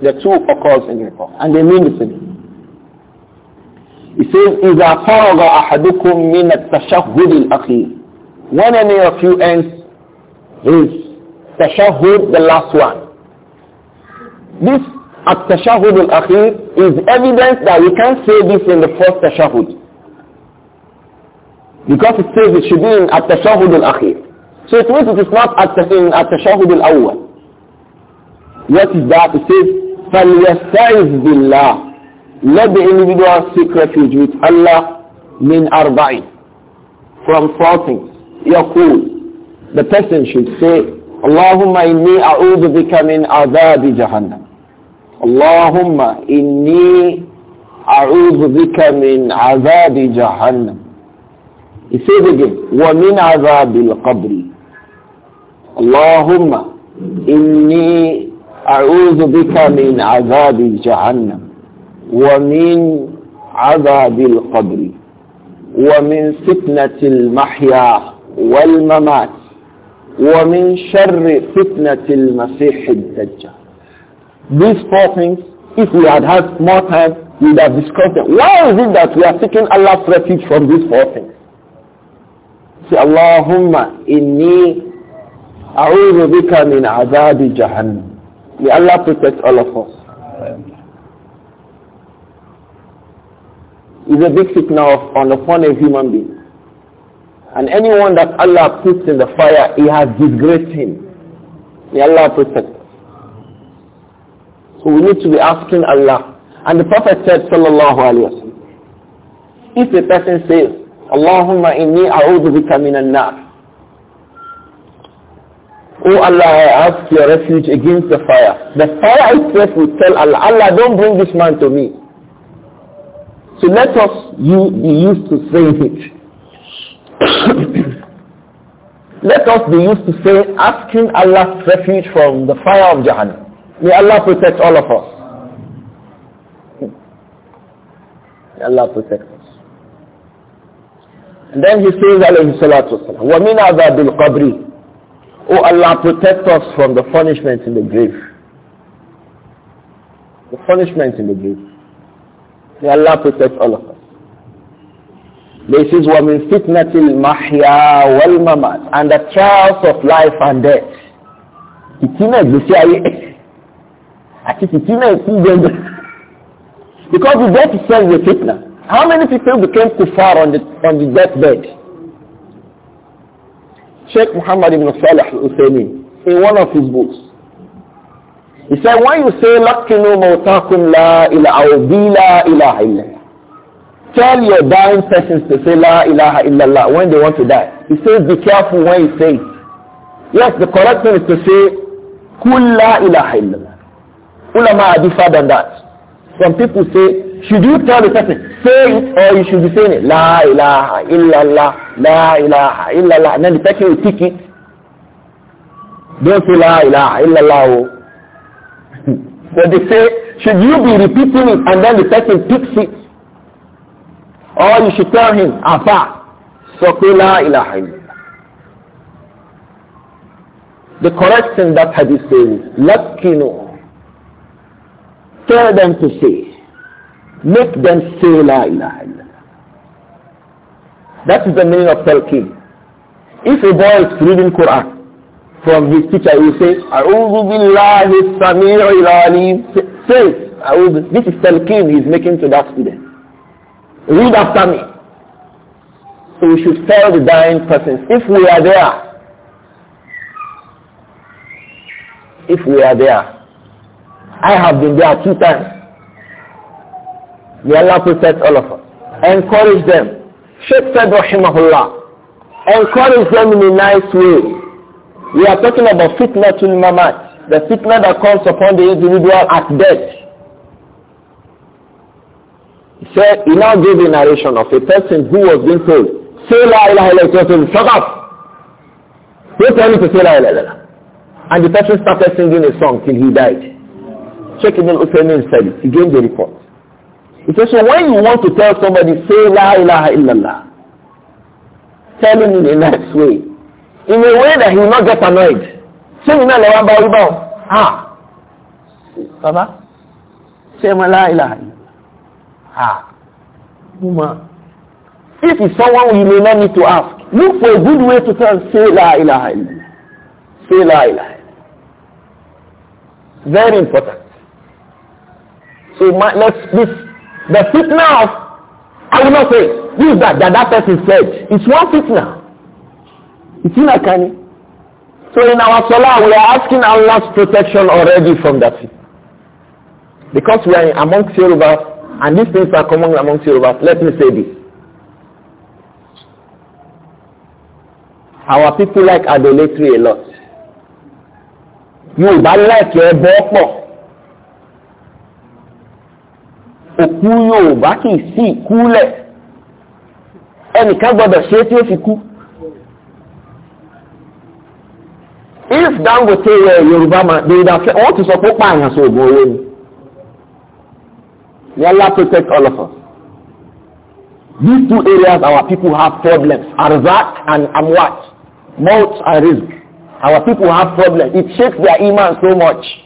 The two occurs in the Quran and they mean the same. He says, إِذَا فَرَغَ أَحَدُكُم مِنَ التَّشَهُدِ الْأَخِيرِ When any of you ends his tashahhud, the last one. This at-tashahhud al-akhir is evidence that we can't say this in the first tashahhud. Because it says it should be in at-tashahud al-akhir. So it means it is not at in at-tashahud al-awwal. What is that? It says, فَلْيَسْتَعِذْ بِاللَّهِ Let the individual seek refuge with Allah min arba'i From four things. يقول The person should say, اللهم إني أعوذ بك من عذاب جهنم. اللهم إني أعوذ بك من عذاب جهنم. It says again, وَمِنْ عَذَابِ الْقَبْرِ اللهم إني أعوذ بك من عذاب جهنم ومن عذاب القبر ومن فتنة المحيا والممات ومن شر فتنة المسيح الدجال These four things, if we had had more time, we would have discussed them. Why is it that we are seeking Allah's refuge from these four things? Say, Allahumma inni a'udhu bika min azabi jahannam. May Allah protect all of us. It's a big fitna of, on upon a human being. And anyone that Allah puts in the fire, he has disgraced him. May Allah protect So we need to be asking Allah. And the Prophet said, sallallahu alayhi wasallam, if a person says, Allahumma inni a'udhu bika minan nar. Oh Allah, I ask your refuge against the fire. The fire itself will tell Allah, Allah, don't bring this man to me. So let us you, be used to saying it. let us be used to saying, asking Allah's refuge from the fire of Jahannam. May Allah protect all of us. May Allah protect us. then he says, alayhi salatu wasalam, وَمِنْ عَذَابِ الْقَبْرِ O Allah, protect us from the punishment in the grave. The punishment in the grave. May Allah protect all of us. This is وَمِنْ فِتْنَةِ الْمَحْيَا وَالْمَمَاتِ And the trials of life and death. Ìtínà ìgbésí ayé àti ìtínà ìtí gbẹ̀gbẹ̀. Because the death itself is a fitna. How many people became kuffar on the, on the deathbed? Sheikh Muhammad ibn Salih al-Uthaymeen, in one of his books, he said, when you say, لَقِّنُوا مَوْتَاكُمْ لَا إِلَىٰ أَوْ بِي لَا إِلَىٰ Tell your dying persons to say La ilaha illallah when they want to die. He says be careful when you say it. Yes, the correct thing is to say Kul La ilaha illallah. Ulama are different than that. Some people say should you tell the person, say it or you should be saying it? La ilaha illallah, la ilaha illallah. And then the person will take it. Don't say la ilaha illallah. Oh. But they say, should you be repeating it and then the person picks it? Or you should tell him, Afa, Sokula ilaha illallah. The correct thing that hadith says, Let Latkinu. Tell them to say. Make them say La ilaha illallah. That is the meaning of talqeen. If a boy is reading Quran from his teacher, he will say, A'udhu billahi sami'il alim. Say, A'udhu. This is talqeen he is making to that student. Read after me. So we should tell the dying persons, if we are there, if we are there, I have been there two times. May Allah protect all of us. Encourage them. Sheikh said, Rahimahullah, encourage them in a nice way. We are talking about fitna to mamat, the fitna that comes upon the individual at death. He said, he now gave a narration of a person who was being told, say la ilaha illallah, shut up. Don't tell me to say la ilaha illallah. And the person started singing a song till he died. Sheikh Ibn Uthaymeen said it. He gave the report. He says, so when you want to tell somebody, say La ilaha illallah. Tell him in a nice way. In a way that he will not get annoyed. Say mi náà lẹ́wọ́n bá Bàbá, say ma La ilaha illallah. ah, Muma. If it's someone you may not need to ask, look for a good way to tell say La ilaha illallah. Say La ilaha illallah. Very important. So my, let's, this The fitna of, I will not say, this that that, that person said, it's one fitna. It's in Akani. So in our salah, we are asking Allah's protection already from that fitna. Because we are amongst Yorubas, and these things are common amongst Yorubas, let me say this. Our people like idolatry a lot. Yorùbá like ẹbọ pọ̀. òkú yóò bá kì í sí ìkúlẹ̀ ẹnìkan gbọ́dọ̀ ṣe tí ó fi kú if dangote wẹ yorùbá ma dèrèdà fẹ wọn ti sọ pé pààyàn sọ ògùn owó ni yálà protect all of us these two areas our people have problems arzak and amwat mouth and rizq our people have problems it shakes their iman so much.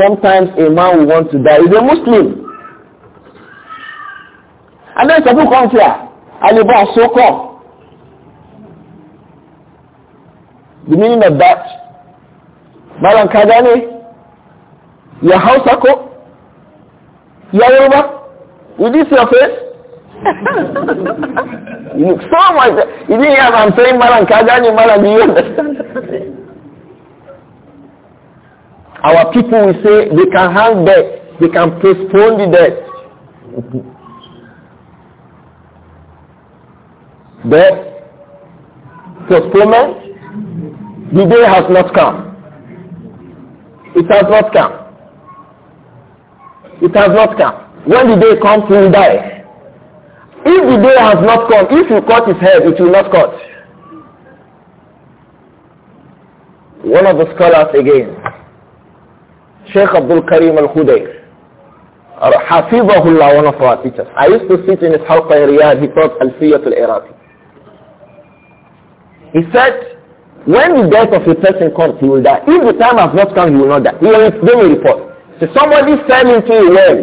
sometimes a man will want to die he's a muslim and then some people come here alebo asoko the meaning of that malam kadani your house ako your yoruba you dey see your face you look so much you didn't hear i'm saying malam kadani malam do you understand Our people will say they can hang death, they can postpone the death. Death, postponement, the day has not come. It has not come. It has not come. When the day comes, he will die. If the day has not come, if you cut his head, it will not cut. One of the scholars again, Sheikh Abdul Karim Al-Hudayr. Uh, Hafizahullah, one of our teachers. I used to sit in his house in Riyadh. He taught Al-Fiyat Al-Iraqi. He said, when the death of a person comes, he will die. If the time has not come, he will not die. He will give a report. So somebody fell into a well.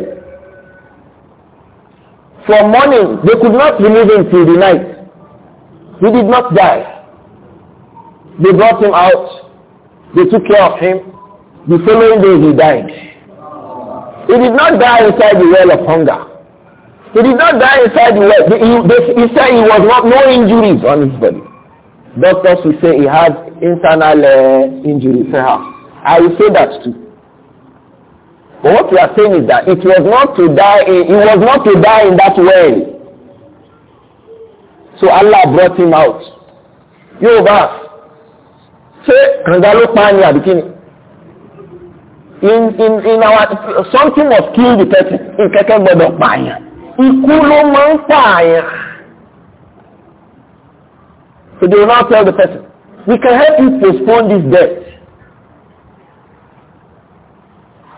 From morning, they could not remove him till the night. He did not die. They brought him out. They took care of him. The following day he died. He did not die inside the well of hunger. He did not die inside the well. He, he, he said he was not, no injuries on his body. Doctors will say he had internal uh, injuries. I will say that too. But what we are saying is that it was not to die. In, it was not to die in that well. So Allah brought him out. You ṣé kànga ló pa á ní in in in our something must kill the person ìkẹ́kẹ́ gbọ́dọ̀ pààyàn ikú máa ń pààyàn so they will now tell the person we can help you postpone this death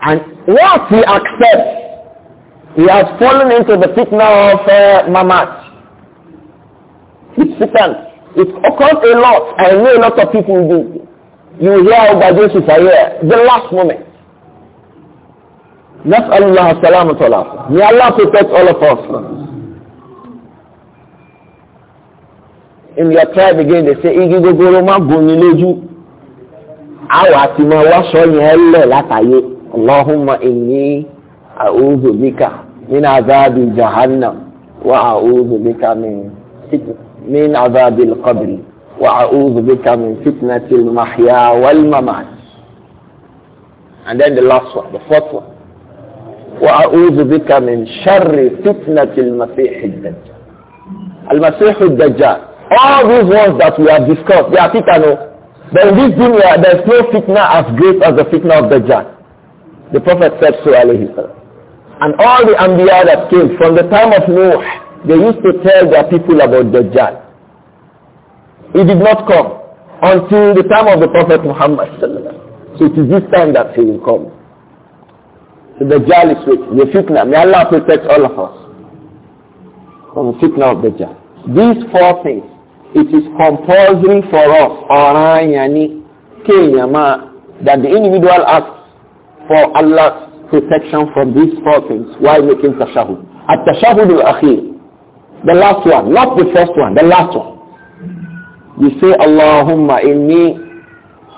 and once he accepts he has fallen into the fitna of uh, mamat it's fitan it occurs a lot i know a lot of people do you hear about those who are here the last moment نسأل الله السلامة والعافية May Allah protect all of us In your tribe again they say igi gogoro má goni lójú àwọn àti máa wáṣọ yẹn lẹ̀ látàyè Allahumma inni a'udhu bika min azabi jahannam wa a'udhu bika min min azabi al-qabri wa a'udhu bika min fitnati al-mahya wal mamat and then the last one the fourth one وأعوذ بك من شر فتنة المسيح الدجال المسيح الدجال all these ones that we have discussed they are fitna but in this dunya there is no fitna as great as the fitna of Dajjal the Prophet said so alayhi salam and all the Anbiya that came from the time of Noah they used to tell their people about Dajjal he did not come until the time of the Prophet Muhammad so it is this time that he will come the Dajjal is waiting. The fitna. May Allah protect all of us from the fitna of Dajjal. These four things, it is compulsory for us, orayani, kenyama, that the individual asks for Allah's protection from these four things while making tashahud. At tashahud al-akhir, the last one, not the first one, the last one. You say, Allahumma inni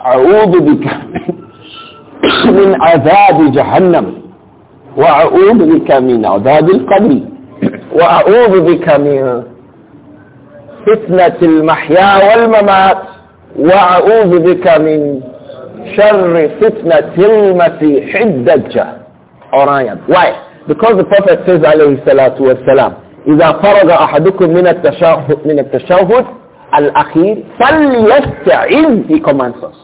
a'udhu bika min azab jahannam وأعوذ بك من عذاب القبر وأعوذ بك من فتنة المحيا والممات وأعوذ بك من شر فتنة المسيح الدجة أرايب Why? Because the Prophet says عليه الصلاة والسلام إذا فرغ أحدكم من التشاهد من التشاهد الأخير فليستعذ he commands us.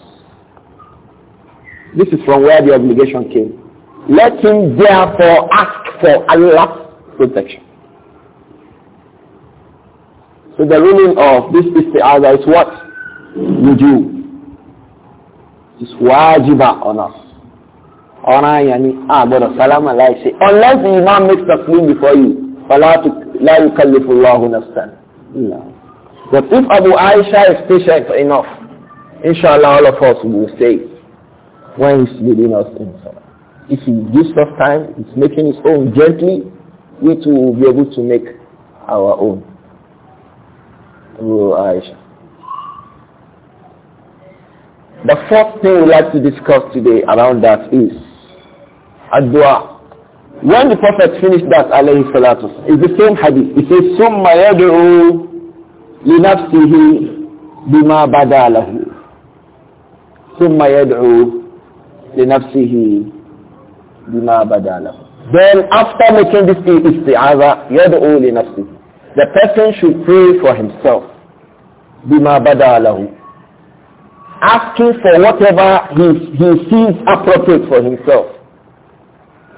This is from where the obligation came. Let him therefore ask for Allah's protection. So the ruling of this isti'adah is what? Nuju. It's wajiba on us. Ọ̀ràn àyàn abu a gbọ́dọ̀ Unless the imam makes the claim before you, فَلَا يُكَلِّفُ اللَّهُ نَفْسًا But if Abu Aisha is patient enough, inshallah all of us will say when he's leading us in some. If he gives us time, it's making his own gently, we too will be able to make our own. Aisha. The fourth thing we'd like to discuss today around that is Adwa. When the Prophet finished that, alayhi salatu, it's the same hadith. It says, ثُمَّ يَدْعُو linafsihi bima بَدَى لَهُ ثُمَّ يَدْعُو لِنَفْسِهِ بما بدا له then after making this isti'aza yad'u li nafsi the person should pray for himself bima bada lahu asking for whatever he, he sees appropriate for himself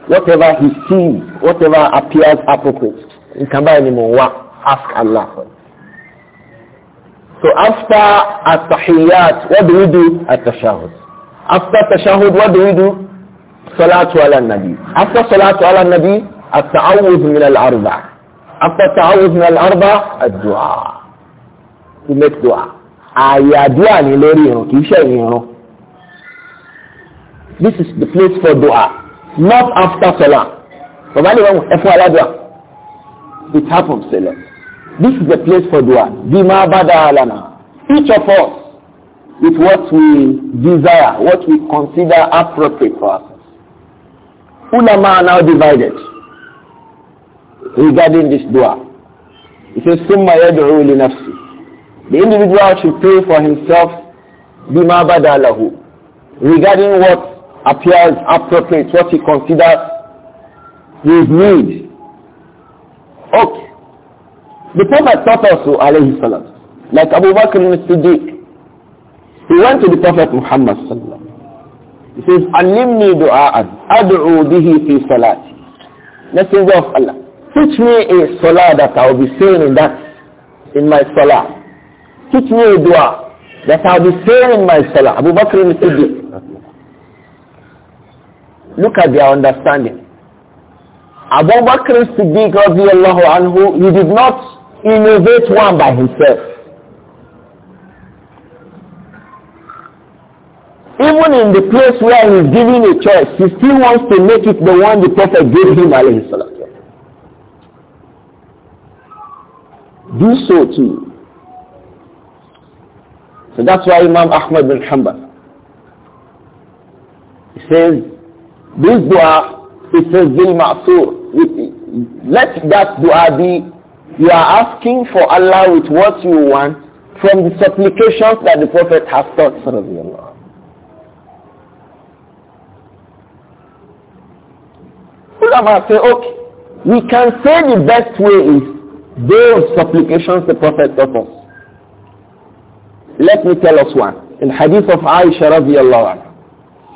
whatever he sees whatever appears appropriate In can buy anyone ask Allah for so after at-tahiyyat what do we do at-tashahhud after tashahhud what do we do salatu ala nabi. After salatu ala nabi, at-ta'awuz min al-arba. After ta'awuz min al-arba, ad-du'a. To make du'a. Àyà du'a ni lórí irun, kìí ṣe irun. This is the place for du'a. Not after salah. Bàbá ni wọ́n ẹ̀fọ́ aládùá. It happens of lot. This is the place for du'a. Bima bada alana. Each of us with what we desire, what we consider appropriate for us. Ulama are now divided regarding this dua. It says, ثُمَّ يَدْعُو لِنَفْسِ The individual should pray for himself بِمَا بَدَى Regarding what appears appropriate, what he considers his need. Okay. The Prophet taught us to alayhi salam. Like Abu Bakr al-Siddiq. He went to the Prophet Muhammad sallallahu he says, "Alimni du'aan ad'u bihi fi salati." Messenger of Allah, teach me a salah that I will be saying in that in my salah. Teach me a dua that I will be saying in my salah. Abu Bakr ibn siddiq Look at their understanding. Abu Bakr al-Siddiq radiyallahu anhu, he did not innovate one by himself. even in the place where he's giving a choice, he still wants to make it the one the Prophet gave him, alayhi salatu Do so too. So that's why Imam Ahmad bin Hanbal he says, this dua, it says, Bil Let that dua be, you are asking for Allah with what you want from the supplications that the Prophet has taught, ulama say, okay, we can say the best way is those supplications the Prophet offers Let me tell us one. In hadith of Aisha radiallahu anha,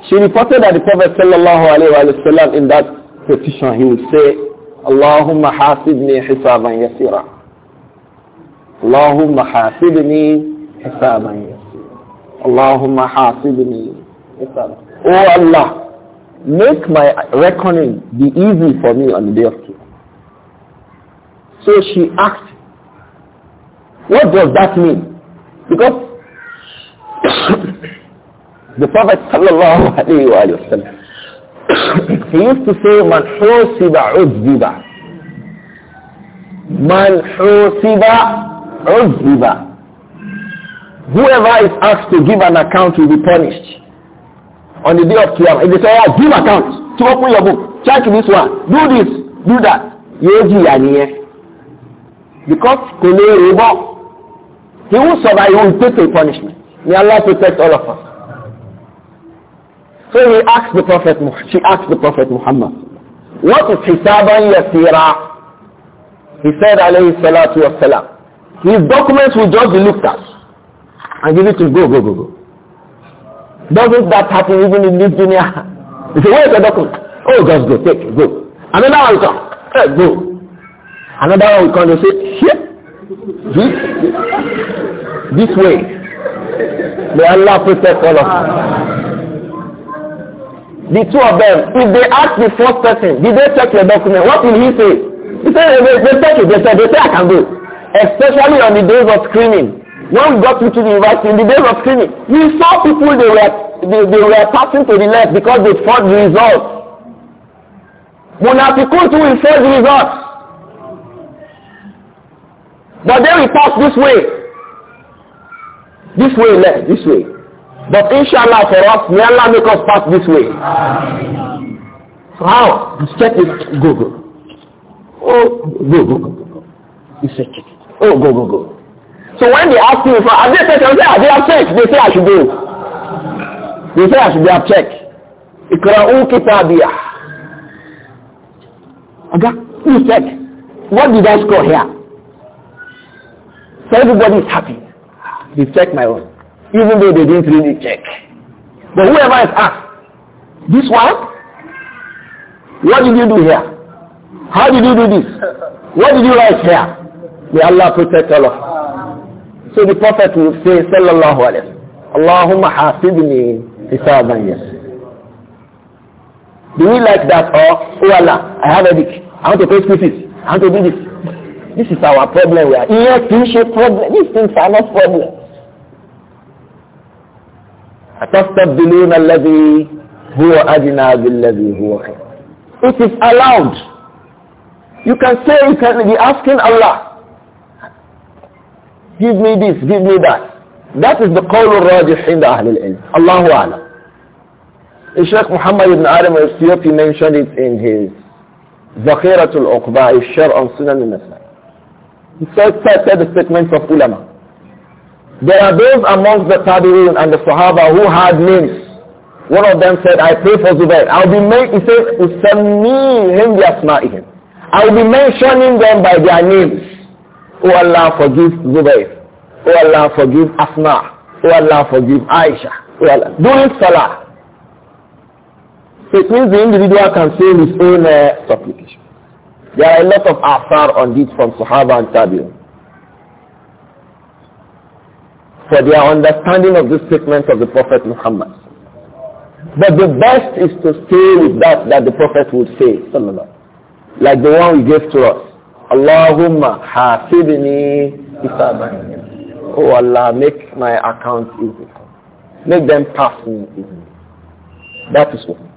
she reported that the Prophet sallallahu alayhi wa sallam in that petition, he would say, Allahumma hasibni hisaban yasira. Allahumma hasibni hisaban yasira. Allahumma hasibni hisaban. Oh Allah, make my reckoning be easy for me on the day of Judgment. So she asked, what does that mean? Because the Prophet sallallahu alayhi wa sallam, he used to say, man husiba uzziba. Man husiba uzziba. Whoever is asked to give an account will be punished. on the day of Qiyamah. If they say, oh, give account, to open your book, check this one, do this, do that. Yóò jìyà nìyẹn. Because kò lè rè bọ́. He will survive, he will take a punishment. May Allah protect all of us. So he asked the Prophet, she asked the Prophet Muhammad, what is hisaban yasira? He said, alayhi salatu wa wasalam, his documents will just be looked at and give it to go, go, go, go. Doesn't that happen even in this dunya? You say, where's the document? Oh, just go, take it, go. Another one will come, hey, go. Another one will come and say, here, this, this way. May Allah protect all of us. The two of them, if they ask the first person, did they check your document? What will he say? He said, they, they check it. They said, they say I can go. Especially on the days of screening. When we got into the university in the days of training, we saw people they were they, they were passing to the left because they fought the results. Munafikun too will fought the results. But then we pass this way. This way left, this way. But inshallah for us, may Allah make us pass this way. So how? You check it. Go, go. Oh, go, go, go. You check it. Oh, go, go, go. So when they ask me, are they upset? I say, are they upset? They say I should go. They say I should be have upset. Ikra'u kitabiyah. Okay? you check. What did I score here? So everybody is happy. They check my own. Even though they didn't really check. But whoever is asked, this one? What did you do here? How did you do this? What did you write here? May Allah protect all of us. So the Prophet would say, Sallallahu Alaihi Allahumma hasibni hisaban yasir. Do we like that or, oh Allah, I have a headache, I want to pay school fees, I want to do this. This is our problem we are. here you should problem. These things are not problems. أتستبدلون الذي هو أدنى بالذي هو خير. It is allowed. You can say, you can be asking Allah, Give me this, give me that. That is the call of rajih in the Ahlul Ilm. Allahu ala. Sheikh Muhammad ibn Adam al-Siyuti mentioned it in his Zakhiratul Uqba, Shar on Sunan al-Nasai. He said, said the statements of ulama. There are those amongst the Tabi'un and the Sahaba who had names. One of them said, I pray for Zubair. I'll be made, he said, Usammihim bi asma'ihim. I'll be mentioning them by their names. Oh Allah, forgive Zubayr. Oh Allah, forgive Asma. Oh Allah, forgive Aisha. Oh Allah. During Salah. It means the individual can say his own uh, supplication. There are a lot of afar on this from Sahaba and Tabi'un. For their understanding of this statement of the Prophet Muhammad. But the best is to stay with that that the Prophet would say, like the one we gave to us. Allahumma hasibni hisaban. Oh Allah, make my account easy. Make them pass me easy. That is one.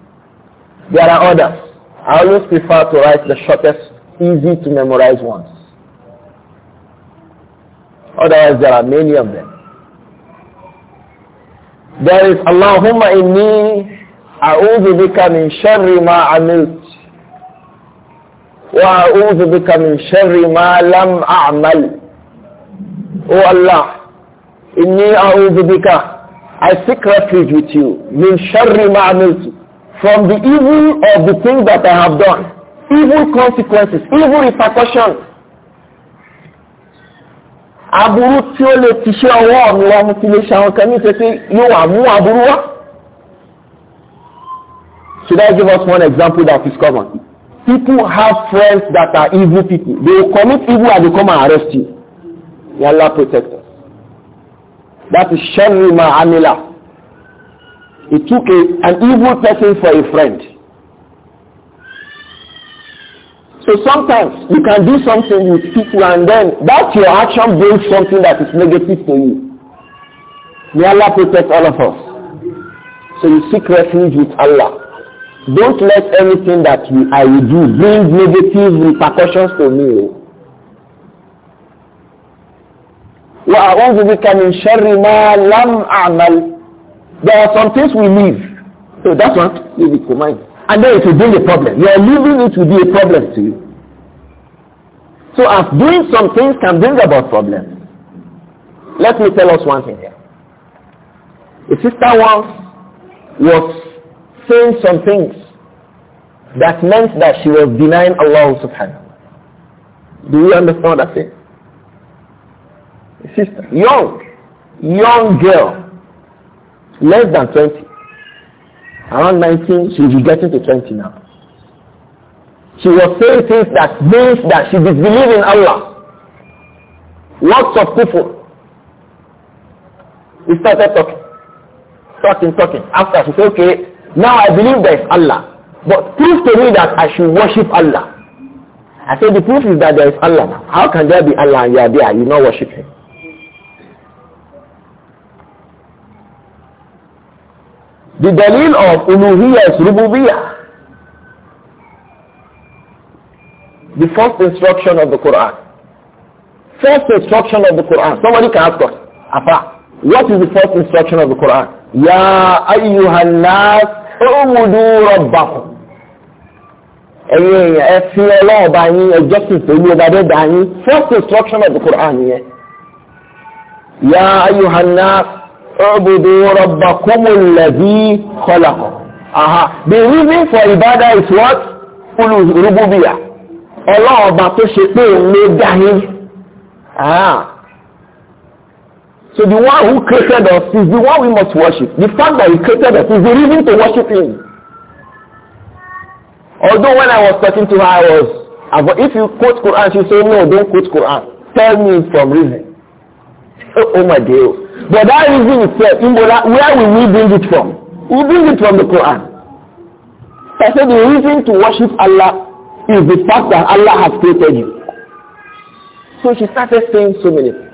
There are others. I always prefer to write the shortest, easy to memorize ones. Otherwise, there are many of them. There is Allahumma inni a'udhu bika min sharri ma anil. وأعوذ بك من شر ما لم أعمل Oh Allah إني أعوذ بك I seek refuge with you من شر ما عملت from the evil of the thing that I have done evil consequences evil repercussions aburú tí ó lè ti ṣe ọwọ́ mi wọ́n ti lè ṣe kan ní ìṣesí yóò wà mú aburú wá. Should I give us one example that is common? People have friends that are evil people. They will commit evil and they come and arrest you. May Allah protect us. That is Sharri Mahamila. It took a, an evil person for a friend. So sometimes you can do something with people and then that your action brings something that is negative to you. May Allah protect all of us. So you seek refuge with Allah. Don't let anything that you, I will do bring negative repercussions to me. وأعوذ بك من شر ما لم أعمل There are some things we leave. So that's what you it to mind. And then it will bring a problem. You are leaving it will be a problem to you. So as doing some things can bring about problems. Let me tell us one thing here. A sister once was saying some things that meant that she was denying Allah subhanahu do you understand that thing? Sister, young, young girl, less than 20, around 19, she'll be getting to 20 now. She was saying things that means that she disbelieved in Allah. Lots of people. We started talking, talking, talking. After she said, okay, now I believe there is Allah. But prove to me that I should worship Allah. I said the proof is that there is Allah. How can there be Allah and you are there you not worship Him? The dalil of uluhiya is rububiyah. The first instruction of the Quran. First instruction of the Quran. Somebody can ask us, Afa, what is the first instruction of the Quran? Ya ayyuhan ọmọdé rọ̀bà ẹ̀yin èèyàn ẹ fi ọlọ́run bá yín ẹjọ́ sì pẹ̀lú ọba dẹ́gbà yín first instruction of the Quran yẹn. ya ayuhanna ọmọdé rọ̀bà kọ́mọlẹ́bí kọlàkọ̀. aha the reason for ibada is what? kúlù rúbúbíà ọlọ́run ọba tó ṣe pé òun ló dá yín. So the one who created us is the one we must worship. The fact that he created us is the reason to worship him. Although when I was talking to her, I was, if you quote Quran, she said, no, don't quote Quran. Tell me from reason. Oh, oh my dear. But that reason itself, Imbola, where will we bring it from? We bring it from the Quran. I said the reason to worship Allah is the fact that Allah has created you. So she started saying so many things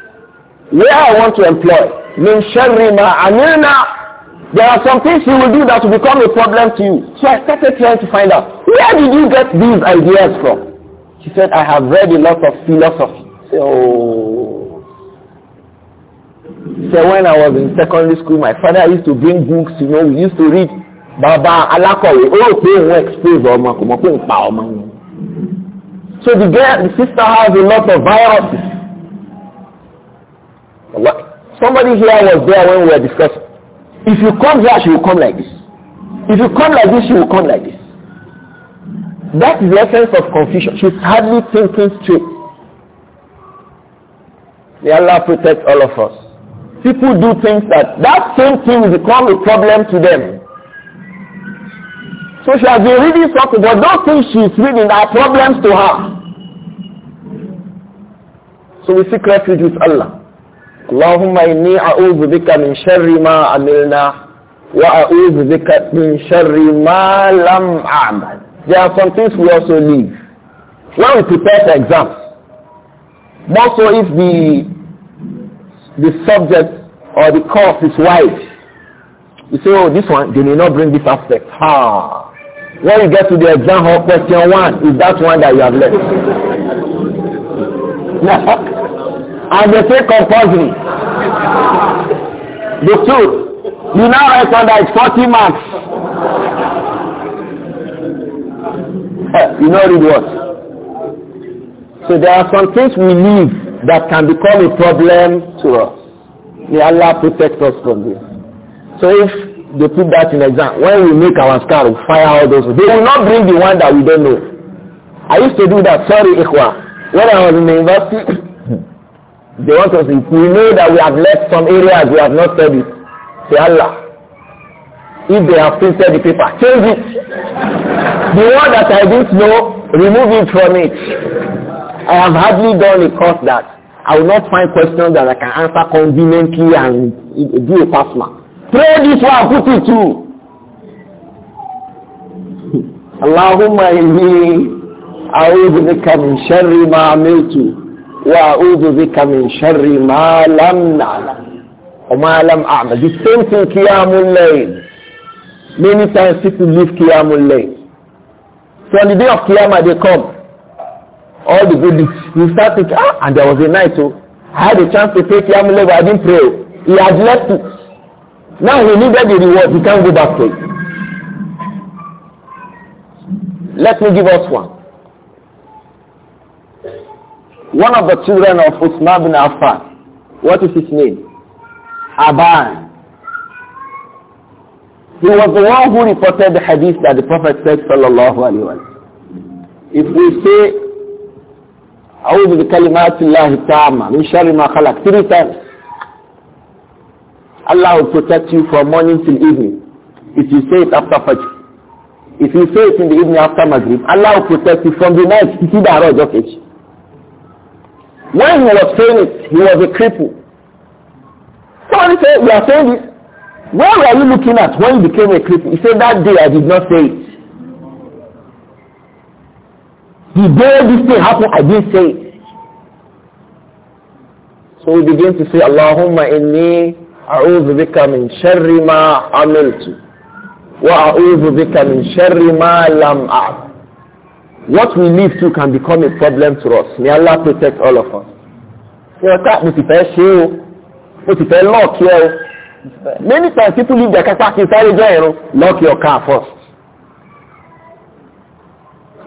where I want to employ. Min sharri ma'amilna. There are some things you will do that will become a problem to you. So I started trying to find out, where did you get these ideas from? She said, I have read a lot of philosophy. So, so when I was in secondary school, my father used to bring books, you know, we used to read Baba Alakowe, oh, pé òun expose ọmọ kò mọ̀ pé ń pa So the girl, the sister has a lot of viruses. Somebody here was there when we were discussing. If you come here, she will come like this. If you come like this, she will come like this. That is the essence of confusion. She's hardly thinking straight. May Allah protect all of us. People do things that that same thing will become a problem to them. So she has been reading something, but those things she's reading are problems to her. So we seek refuge with Allah inni إني bika min من ma amilna wa وأعوذ bika min شر ma lam amal. There are some things we also leave. When we prepare for exams, more so if the, the subject or the course is wide, you say, oh, this one, they may not bring this aspect. Ha! When you get to the exam hall, question one is that one that you have left. and they say compulsory. the truth, you now reckon that it's 40 marks. you know it what? So there are some things we leave that can become a problem to us. May Allah protect us from this. So if they put that in exam, when we make our scar, we fire all those. They will not bring the one that we don't know. I used to do that, sorry Ikhwa. When I was in the university, They want us, to. we know that we have left some areas we have not studied, say Allah. If they have printed the paper, change it. the one that I didn't know, remove it from it. I have hardly done a course that I will not find questions that I can answer conveniently and do a pass mark. Throw this one, put it too. اللهم إني أعوذ بك من شر ما عملت وأعوذ بك من شر ما لم نعلم وما لم أعمل the same thing قيام الليل many times people leave قيام الليل so on the day of Qiyamah they come all the good deeds you start to ah and there was a night oh I had a chance to take Qiyam الليل but I didn't pray oh. he had left it now he needed the reward he can't go back to it let me give us one One of the children of Usman bin Affan, what is his name? Aban. He was the one who reported the hadith that the Prophet said, sallallahu alayhi wa If we say, أعوذ بكلمات الله التامة من شر ما خلق three times, Allah will protect you from morning till evening. If you say it after Fajr. If you say it in the evening after Maghrib, Allah will protect you from the night. You see the Araj of When he was saying it, he was a cripple. Somebody said, you are saying this. Where were you looking at when you became a cripple? He said, that day I did not say it. The day this thing happened, I didn't say it. So we begin to say, Allahumma inni a'udhu bika min sharri ma amiltu wa a'udhu bika min sharri ma lam a'ad what we live to can become a problem to us may Allah protect all of us ṣe ọ̀ká mo ti fẹ́ ṣe o mo ti fẹ́ lọ́ọ̀kì ẹ e many times people leave their car kí n sáré jọ ẹ̀rọ lọ́ọ̀kì ọ̀ká first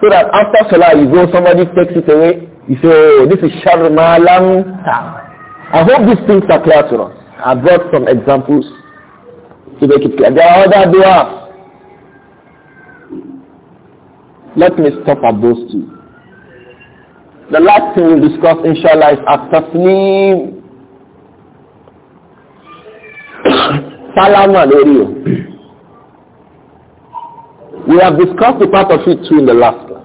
so that after Salah you go somebody takes it away you say oh this is sharma lam I hope these things are clear to us I brought some examples to make it clear there are other duas Let me stop at those two. The last thing we'll discuss, inshallah, is at-taslim. Salam lórí We have discussed the part of it too in the last class.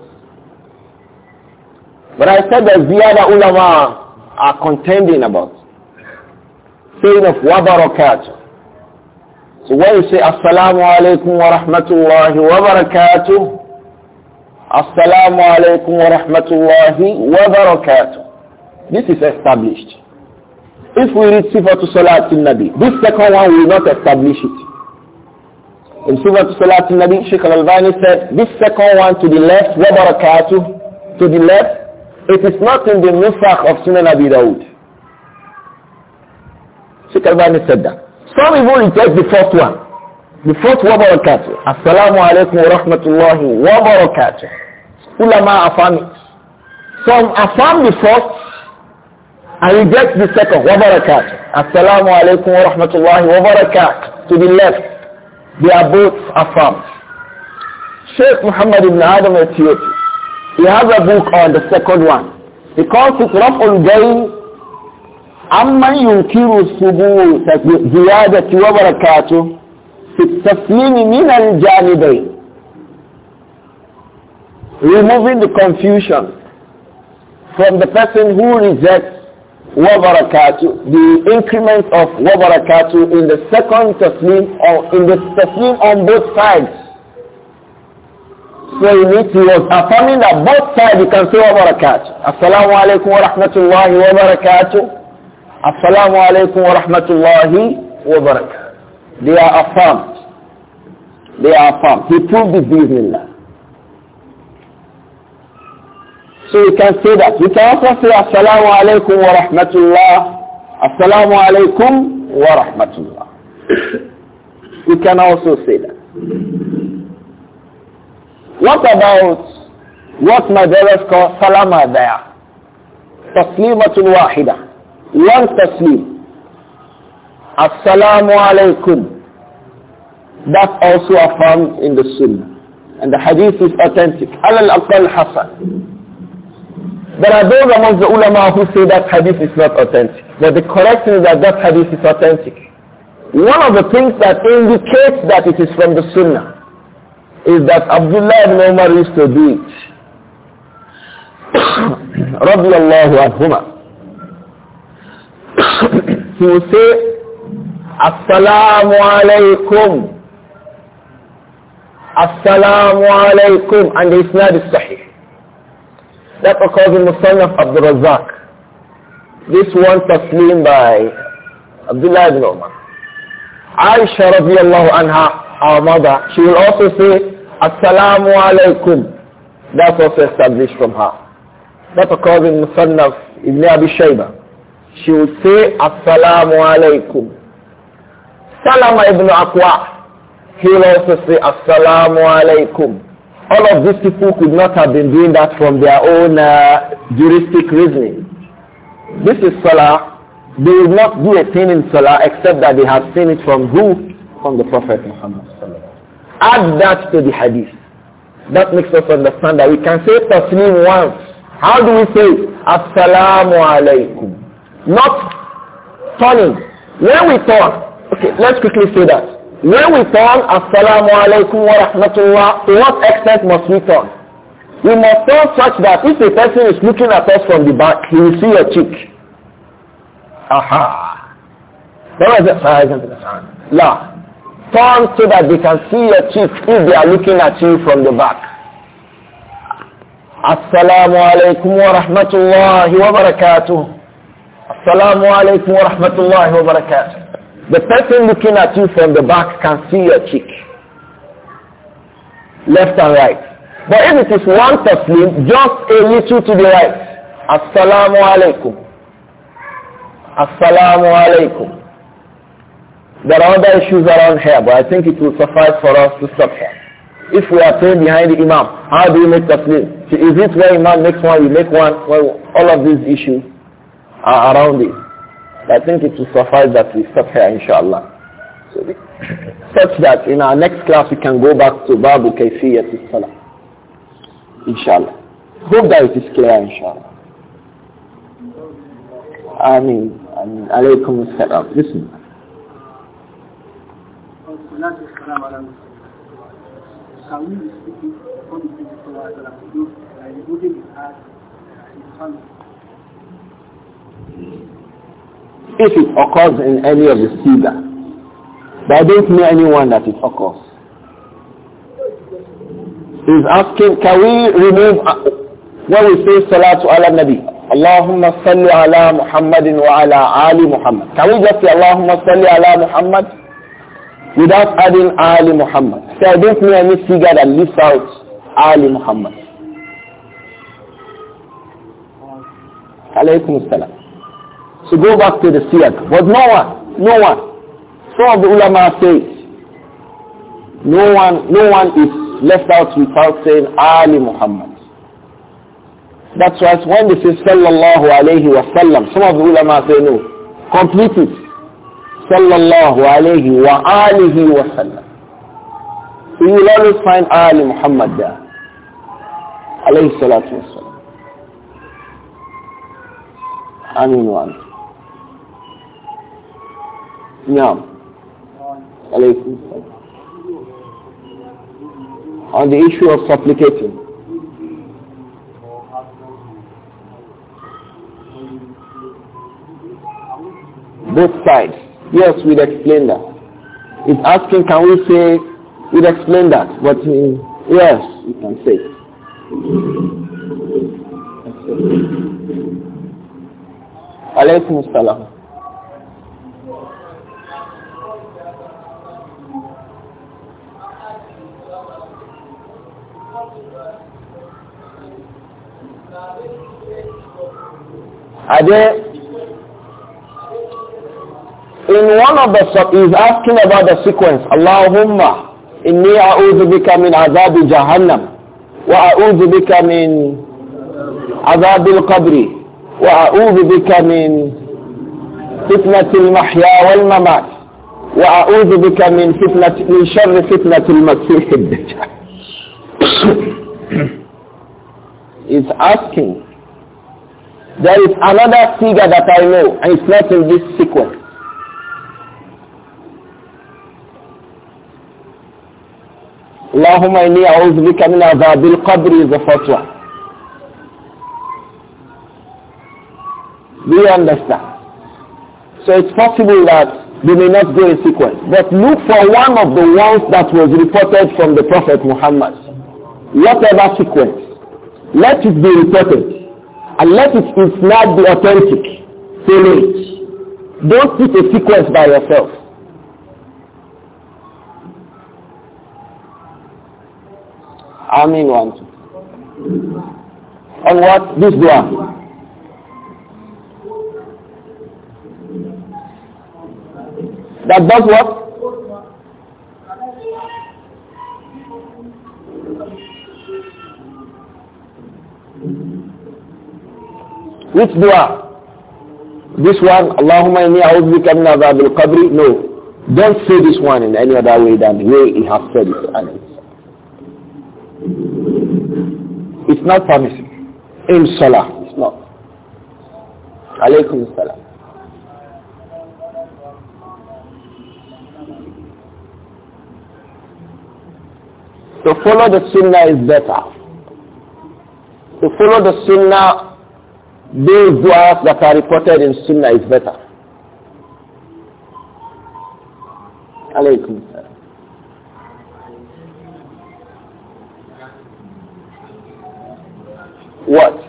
But I said that the other ulama are contending about saying of wa barakatuh. So when you say assalamu alaikum wa rahmatullahi wa barakatuh, Assalamu alaykum wa rahmatullahi wa barakatuh. This is established. If we read Sifatu Salatul Nabi, this second one will not establish it. In Sifatu Salatul Nabi, Sheikh Al-Albani said, this second one to the left, wa barakatuh, to the left, it is not in the nusakh of Sunan Abi Dawud. Sheikh Al-Albani said that. Some even reject the first one. Before wabarakatuh, assalamu alaikum wa rahmatullahi wa barakatuh. Ulama affirm it. Some affirm the first and reject the second. Wa barakatuh. Assalamu alaikum wa rahmatullahi wa barakatuh. To the left, they are both Afam Sheikh Muhammad ibn Adam Ethiopi, he has a book on the second one. He calls it Raf'ul Gain Amman Yunkiru Subur Ziyadati wa barakatuh في التسليم من الجانبين removing the confusion from the person who rejects wabarakatuh, the increment of wabarakatuh in the second taslim or in the taslim on both sides. So in it he was affirming that both sides you can say wabarakatuh. Assalamu alaikum wa rahmatullahi wa barakatuh. Assalamu alaikum wa rahmatullahi wa barakatuh. They are affirmed. They are affirmed. He proved it Bismillah. So you can say that. You can also say Assalamu alaikum wa rahmatullah. Assalamu alaikum wa rahmatullah. you can also say that. What about what my brothers call salama there? Taslimatul wahida. One taslim. Assalamu alaikum. That's also affirmed in the Sunnah. And the hadith is authentic. Alal aqal hasan. There are those among the ulama who say that hadith is not authentic. But the correct thing is that that hadith is authentic. One of the things that indicates that it is from the Sunnah is that Abdullah ibn Umar used to do it. رضي الله عنهما he will say Assalamu alaykum. Assalamu alaykum. And the Isnad is sahih. That occurs in Musannaf Abdul Razak. This one taslim by Abdulaziz ibn Umar. Aisha radiallahu anha, our mother, she will also say, Assalamu alaykum. That's also established from her. That occurs in Musannaf Ibn Abi Shayba. She will say, Assalamu alaykum. Salama ibn he will also say, Assalamu alaikum. All of these people could not have been doing that from their own uh, juristic reasoning. This is Salah. They will not do a thing in Salah except that they have seen it from who? From the Prophet Muhammad. Add that to the hadith. That makes us understand that we can say Taslim once. How do we say Assalamu alaikum? Not turning. When we turn, Okay, let's quickly say that. When we turn Assalamu alaikum wa rahmatullah, to what extent must we turn? We must turn such that if a person is looking at us from the back, he will see your cheek. Aha. That was it. La. Turn so that they can see your cheek if they are looking at you from the back. Assalamu alaikum wa rahmatullahi wa barakatuh. Assalamu alaikum wa rahmatullahi wa barakatuh. The person looking at you from the back can see your cheek. Left and right. But if it is one taslim, just a little to the right. Assalamu alaikum. Assalamu alaikum. There are other issues around here, but I think it will suffice for us to stop here. If we are praying behind the imam, how do you make taslim? So is it where imam makes one, you make one? Well, all of these issues are around it. I think it will suffice that we stop here, inshallah. So we, such that in our next class we can go back to Babu Kaifiyat Salah. Inshallah. Hope that it is clear, inshallah. I mean, I mean, alaykum as-salam. Listen. Can we if it occurs in any of the figure, But I don't know anyone that it occurs. He's asking, can we remove, uh, when we say salatu ala nabi, Allahumma salli ala Muhammadin wa ala Ali Muhammad. Can we just say Allahumma salli ala Muhammad without adding Ali Muhammad? So I don't know any figure that leaves out Ali Muhammad. Alaykum salam. So go back to the theater, But no one, no one. Some of the ulama say, no one, no one is left out without saying Ali Muhammad. That's why when they say sallallahu alayhi wa sallam, some of the ulama say no. Complete it. Sallallahu alayhi wa alihi wa sallam. So you will always find Ali Muhammad there. Alayhi salatu wa sallam. Amin wa amin. نعم عليكم on the issue of supplicating both sides yes we'd explain that it's asking can we say we'd explain that but in, uh, yes we can say alaykum salam Are they in one of the he's asking about the sequence Allahumma inni a'udhu bika min azabi jahannam wa a'udhu bika min azabi al-qabri wa a'udhu bika min fitnati al-mahya wal mamat wa a'udhu bika min fitnati min sharri fitnati al-masih ad-dajjal asking There is another figure that I know, and it's not in this sequence. اللهم إني أعوذ بك من عذاب القبر Do you understand? So it's possible that they may not go in sequence. But look for one of the ones that was reported from the Prophet Muhammad. Whatever sequence, let it be reported. unless it is not the authentic follow it don't put a sequence by yourself I mean one two. on what this one? that does what Which dua? This one, Allahumma inni a'udhbika min azab qabri No. Don't say this one in any other way than the way he has said it. It's not permissible. In salah, it's not. Alaykum salam. To follow the sunnah is better. To follow the sunnah those du'as that are reported in Sunnah is better. What?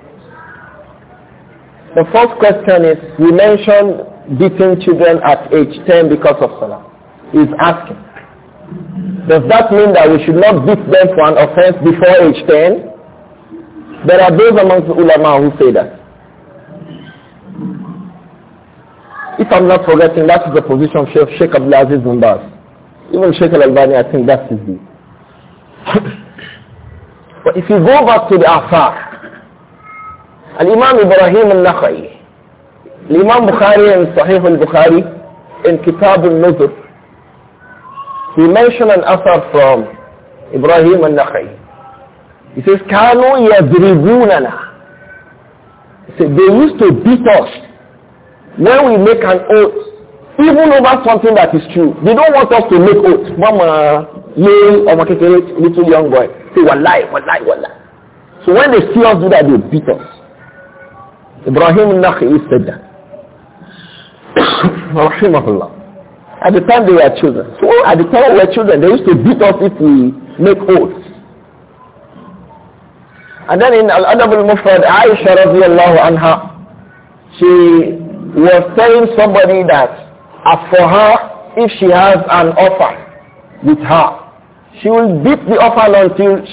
The first question is, we mentioned beating children at age 10 because of Salah. He's asking, does that mean that we should not beat them for an offense before age 10? There are those amongst the ulama who say that. If I'm not forgetting, that is the position of Sheikh, Sheikh Abdulaziz Mumbaz. Even Sheikh Al-Albani, I think that's his view. but if you go back to the Afar, Al-Imam Ibrahim al-Nakhai, Imam Bukhari in Sahih al-Bukhari, in Kitab al-Nuzur, he mentioned an author from Ibrahim al-Nakhai. He says, كانوا يضربوننا. He said, they used to beat us when we make an oath, even over something that is true. They don't want us to make oath. Mama, yay, ọmọ kékeré, little young boy. Say, wallahi, wallahi, wallahi. So when they see us do that, they beat us. Ibrahim al-Nakhi said that. At the time they were children. So at the time they were children, they used to beat us if we make oaths. And then in Al-Adab al-Mufrad, Aisha radiallahu anha, she was telling somebody that as for her, if she has an offer with her, she will beat the offer until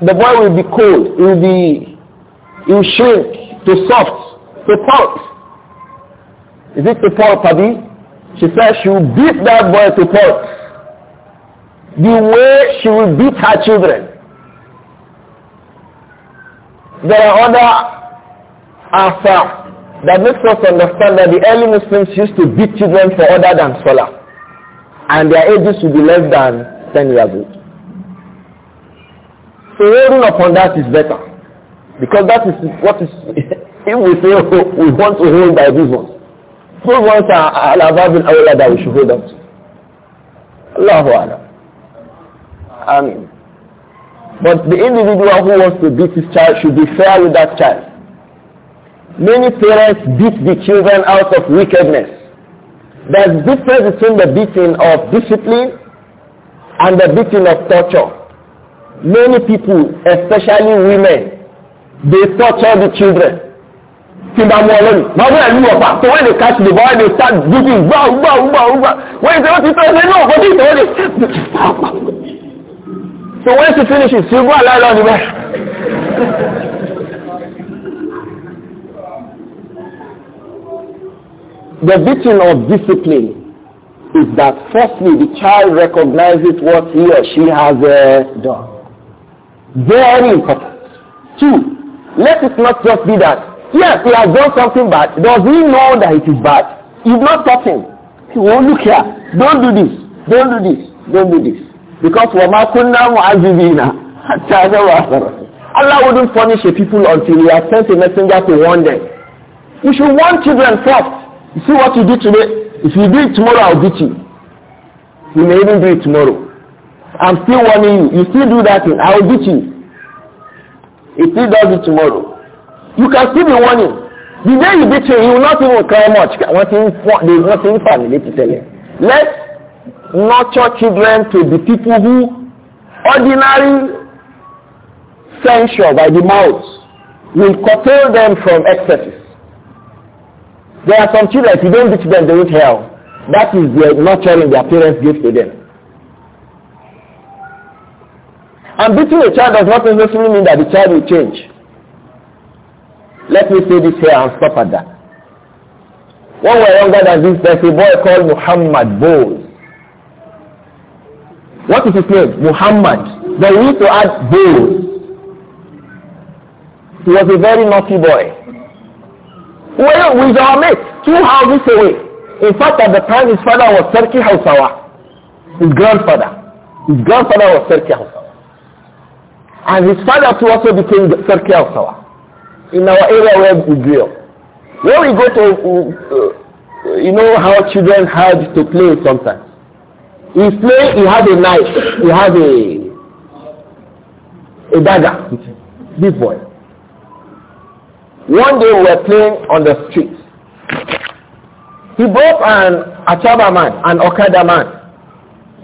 the boy will be cold, he will be, in will shrink to soft, to pulp. Is it to pulp, Abby? She said she will beat that boy to pulp. The way she will beat her children. There are other asar that makes us understand that the early Muslims used to beat children for other than Salah. And their ages would be less than 10 years old. So holding upon that is better. Because that is what is, if we say oh, we want to hold by these ones, those ones are uh, al-abab bin awla that we should hold up to. Allahu Amen. but the individual who wants to beat his child should be fair with that child. Many parents beat the children out of wickedness. There's difference between the beating of discipline and the beating of torture. Many people, especially women, they torture the children tí bá mú ọlọ́ni máa wọ́n ẹ̀lú ọ̀pá so when they catch the boy they start beating gbá gbá gbá gbá when ìṣòro ti tọ́ ṣe ní this tí ìṣòro lè so when she finishes she go aláìlọ́ ni bẹ́ẹ̀. the beating of discipline is that firstly the child recognizes what he or she has uh, done very important two Let it not just be that. Yes, he has done something bad. Does he know that it is bad? He's not talking. He won't look here. Don't do this. Don't do this. Don't do this. Because وَمَا كُنَّا مُعَذِّبِينَ حَتَّى نَوَاهَرَ Allah wouldn't punish a people until he has sent a messenger to warn them. You should warn children first. You see what you do today? If you do it tomorrow, I'll beat you. You may even do it tomorrow. I'm still warning you. You still do that thing. I'll beat you. It still does it tomorrow. You can still be warning. The day you beat him, he will not even care much. Nothing, there's nothing family to tell him. Let nurture children to the people who ordinary censure by the mouth will curtail them from excesses. There are some children, if you don't beat them, they won't help. That is the nurturing their parents give to them. And beating a child does not necessarily mean that the child will change. Let me say this here and stop at that. When we were younger than this, there's a boy called Muhammad Bose. What is his name? Muhammad. we used to add Bose. He was a very naughty boy. Well, with our mate, two houses away. In fact, at the time, his father was Turkey Hausawa. His grandfather. His grandfather was Turkey Hausawa. And his father too also became the Sarki al-Sawa in our area where we grew up. When we go to, uh, uh you know how children had to play sometimes. He played, he had a knife, he had a, a dagger, this boy. One day we were playing on the street. He brought an Achaba man, an Okada man,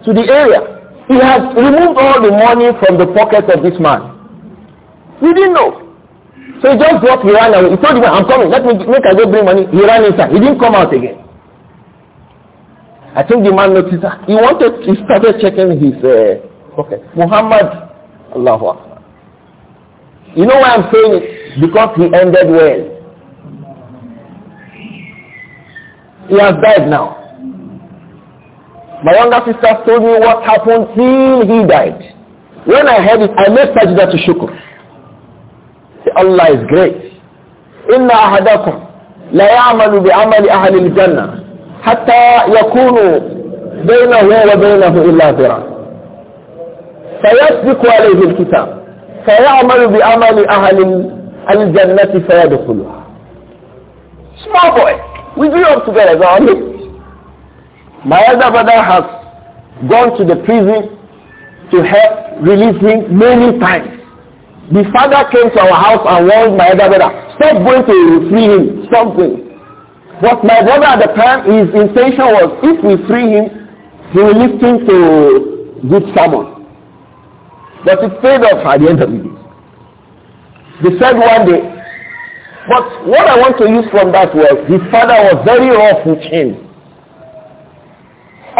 to the area. He has removed all the money from the pocket of this man. He didn't know. So he just walked he ran away. He told the man, I'm coming, let me make I go bring money. He ran inside. He didn't come out again. I think the man noticed that. He wanted, he started checking his uh, pocket. Muhammad, Allah, You know why I'm saying it? Because he ended well. He has died now. My younger sister told me what happened till he died. When I heard it, I made sajda to shukr. Allah is great. Inna ahadakum la ya'malu bi amali ahli al-jannah hatta yakunu baynahu wa baynahu illa zira. Sayasbiku alayhi al-kitab. Sayamalu bi amali ahli al-jannati sayadukuluha. Small boy, we grew up together, aren't we? My elder brother has gone to the prison to help release him many times. The father came to our house and warned my elder brother, stop going to free him, something. But my brother at the time, his intention was if we free him, he will listen to good sermon. But it paid off at the end of the day. They said one day, but what I want to use from that was his father was very rough with him.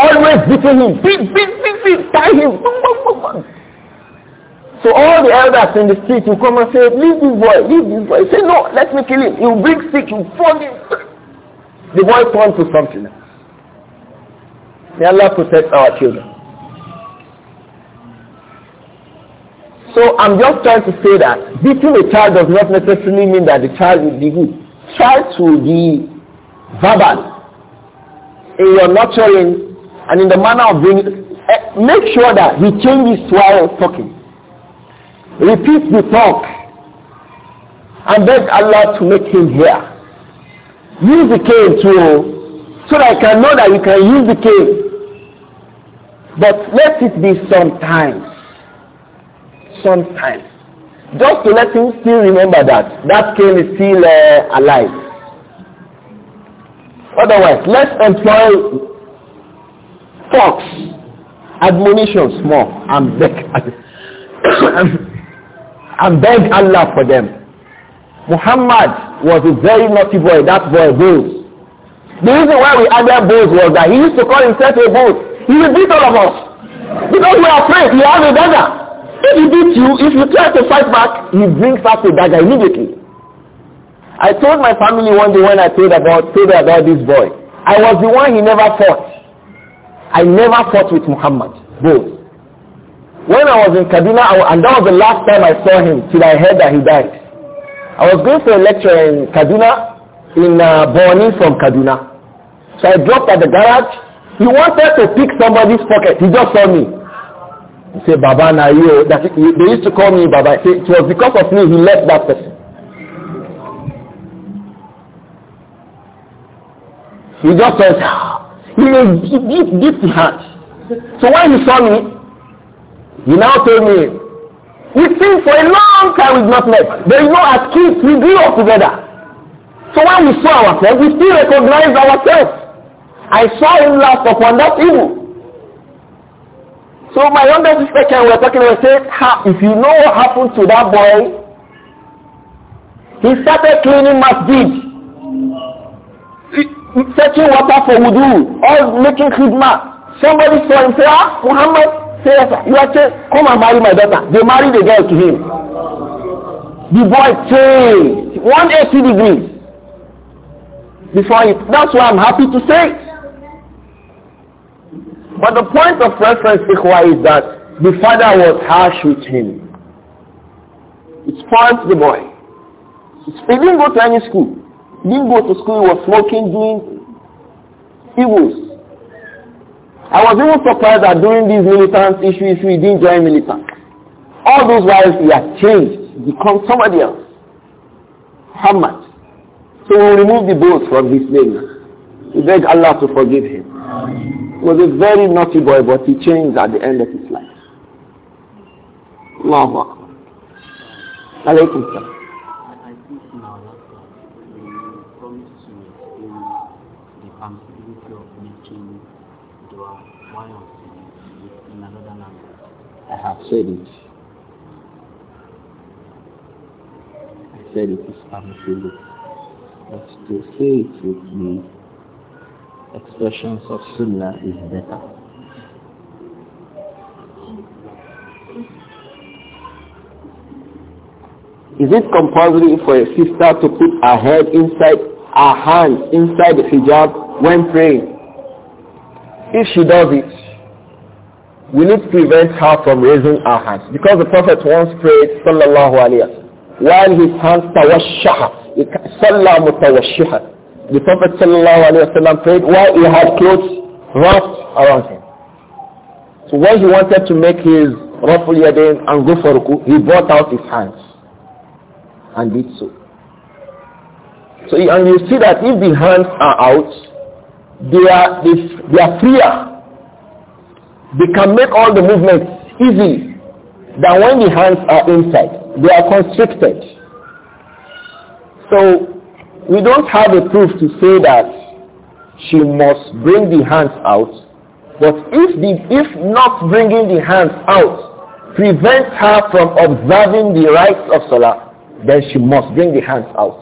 always beating him. Beat, beat, beat, beat, tie him. So all the elders in the street will come and say, leave this boy, leave this boy. Say, no, let me kill him. He'll bring sick, he'll fall him. The boy turned to something else. May Allah protect our children. So I'm just trying to say that beating a child does not necessarily mean that the child will be good. Try to be verbal in your nurturing and in the manner of doing it, eh, make sure that he changes while talking. Repeat the talk and beg Allah to make him hear. Use the cane too, so that I can know that you can use the cane. But let it be sometimes. Sometimes. Just to let him still remember that that cane is still uh, alive. Otherwise, let's employ talks admonitions more and beg and beg Allah for them Muhammad was a very naughty boy that boy Bose the reason why we added Bose was that he used to call himself a Bose he will beat all of us because we are afraid we have a dagger if he beats you if you try to fight back he brings back the dagger immediately I told my family one day when I told about told about this boy I was the one he never fought I never fought with Muhammad. Both. When I was in Kaduna, and that was the last time I saw him till I heard that he died. I was going for a lecture in Kaduna, in uh, Borni from Kaduna. So I dropped at the garage. He wanted to pick somebody's pocket. He just saw me. He said, Baba na you. That, they used to call me Baba. It was because of me he left that person. He just said. Ah. He may deep, deep he had. So when he saw me, he now told me, we sing for a long time with not left. There is no excuse. We grew up together. So when we saw ourselves, we still recognize ourselves. I saw him last upon that evil. So my younger sister Ken we were talking about said, if you know what happened to that boy, he started cleaning masjid taking water for wudu or making khidma. Somebody saw him say, ah, Muhammad, say yes, you are saying, come and marry my daughter. They married the girl to him. The boy changed 180 degrees before it. That's why I'm happy to say But the point of reference, Ikhwa, is that the father was harsh with him. It spoils the boy. He didn't go to any school. didn't go to school, he was smoking, doing evils. I was even surprised that during these militant issues, issue, he didn't join militant. All those while he has changed, become somebody else. How much? So we remove the bones from his name. We beg Allah to forgive him. He was a very naughty boy, but he changed at the end of his life. Allahu Akbar. Alaykum salam. have said it. I said it is unfair. But to say it with the expressions of Sunnah is better. Is it compulsory for a sister to put her head inside, her hand inside the hijab when praying? If she does it, will it prevent her from raising her hands? Because the Prophet once prayed, sallallahu alayhi while his hands tawashaha, sallah mutawashiha. The Prophet sallallahu alayhi wasallam prayed while he had clothes wrapped around him. So when he wanted to make his raful yadain and ruku, he brought out his hands and did so. So and you see that if the hands are out, they are, they, they are freer they can make all the movements easy. Than when the hands are inside, they are constricted. So we don't have a proof to say that she must bring the hands out. But if, the, if not bringing the hands out prevents her from observing the rights of Salah, then she must bring the hands out.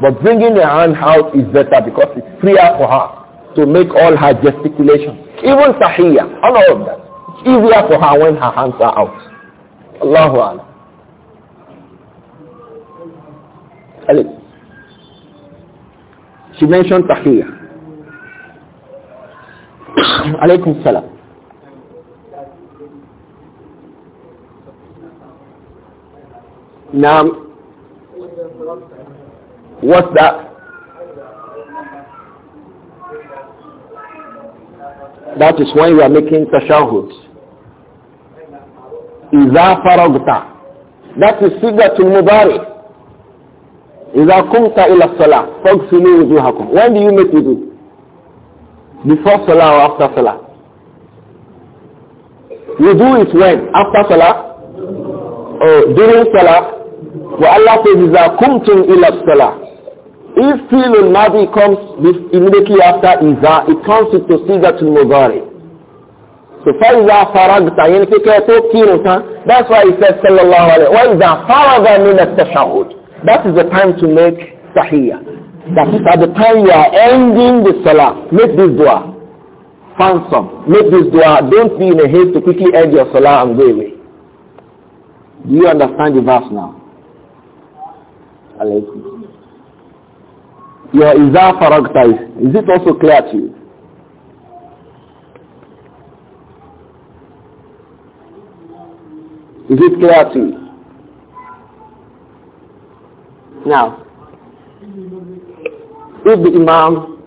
But bringing the hand out is better because it's freer for her to make all her gesticulations. Even tahiyya, all of that. It's easier for her when her hands are out. Allahu Akbar. She mentioned tahiyya. Alaykum salam. Now, what's that? That is when you are making tashahud. إِذَا faragta. That is sigatul mubari. إِذَا قُمْتَ إِلَى الصَّلَاةِ فَاغْسِلُوا وُجُوهَكُمْ When do you make wudu? Before salah or after salah? Wudu is when? After salah? Or oh, during salah? But Allah says, إِذَا قُمْتُمْ ila الصَّلَاةِ if filul madi comes immediately after iza, it comes into to mudari. So فَإِذَا فَرَغْتَ يعني That's why he says صلى الله عليه وَإِذَا فَرَغَ مِنَ التَّشَهُدِ That is the time to make tahiyya. That is at the time you are ending the salah. Make this dua. Find some. Make this dua. Don't be in a haste to quickly end your salah and go away. Do you understand the verse now? Alaykum your Iza Faragta is, is it also clear to you? Is it clear to you? Now, if the Imam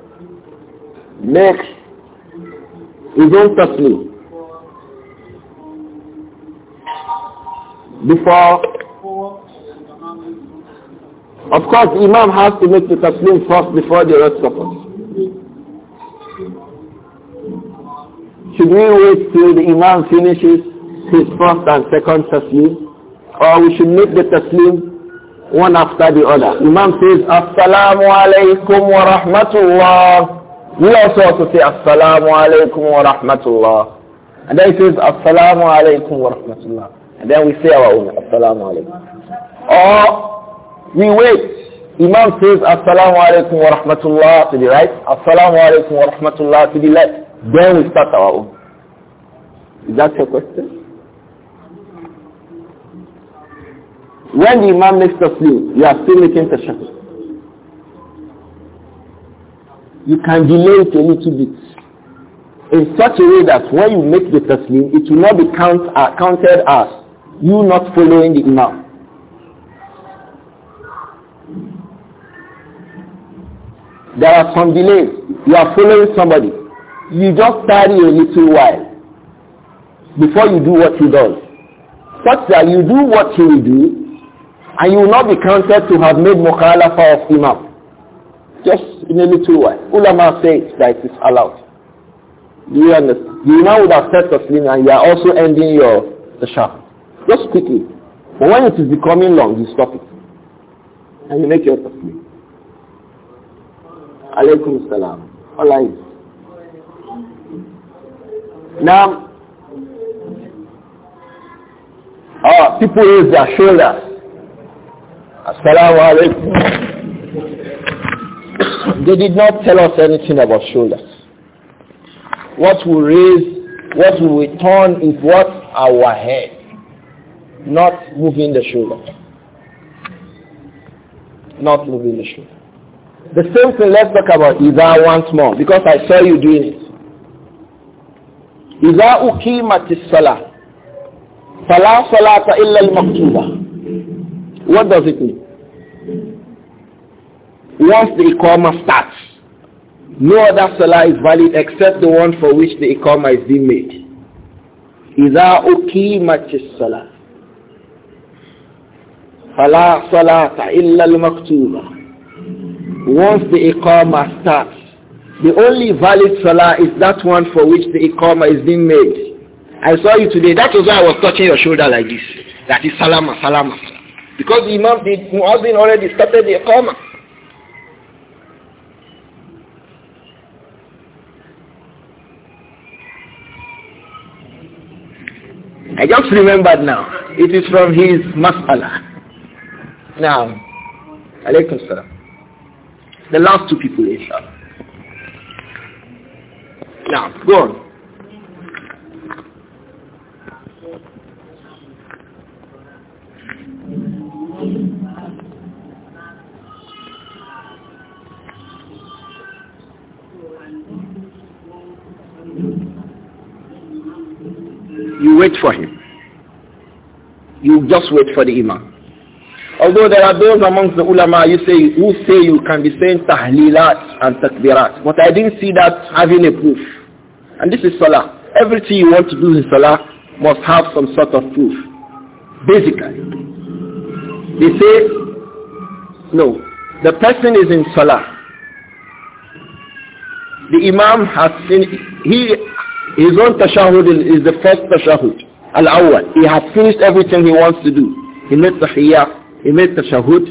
makes his own taslim before of course, Imam has to make the taslim first before the rest of us. Should we wait till the Imam finishes his first and second taslim? Or we should make the taslim one after the other. Imam says, Assalamu alaikum wa rahmatullah. We also have to say, Assalamu alaikum wa rahmatullah. And then he says, Assalamu alaikum wa rahmatullah. And then we say our own, Assalamu alaikum. Or we wait. Imam says, Assalamu alaikum wa rahmatullah to the right, Assalamu alaikum wa rahmatullah to the left. Then we start our own. Is that your question? When the Imam makes the sleep, you are still making the tashahud. You can delay it a little bit in such a way that when you make the taslim, it will not be count, uh, counted as you not following the Imam. There are some delays. You are following somebody. You just tarry a little while before you do what he does. Such that you do what he will do and you will not be counted to have made mukhalafa of imam. Just in a little while. Ulama says that it is allowed. you understand? You now would have said Taslim and you are also ending your the shaft. Just quickly. But when it is becoming long, you stop it. And you make your Taslim. Alaykum salam. Alright. Now, oh, people raise their shoulders. Assalamu alaikum. They did not tell us anything about shoulders. What we raise, what we turn is what our head, not moving the shoulder. Not moving the shoulder. The same thing, let's talk about Iza once more, because I saw you doing it. Iza uqimatis salah. Salah salata illa al-maktuba. What does it mean? Once the Iqamah starts, no other salah is valid except the one for which the Iqamah is being made. Iza uqimatis salah. Salah salata illa al-maktuba once the iqamah starts. The only valid salah is that one for which the iqamah is being made. I saw you today. That was why I was touching your shoulder like this. That is salama, salama. Because the Imam, the Muazzin already started the iqamah. I just remembered now. It is from his mas'ala. Now, alaykum salam. The last two people, inshallah. Now, go on. You wait for him. You just wait for the imam. Although there are those amongst the ulama you say, who say you can be saying tahlilat and takbirat. But I didn't see that having a proof. And this is salah. Everything you want to do in salah must have some sort of proof. Basically. They say, no, the person is in salah. The imam has seen, he, his own tashahud is the first tashahud. Al-awwal. He has finished everything he wants to do. He made tahiyyah he made tashahud.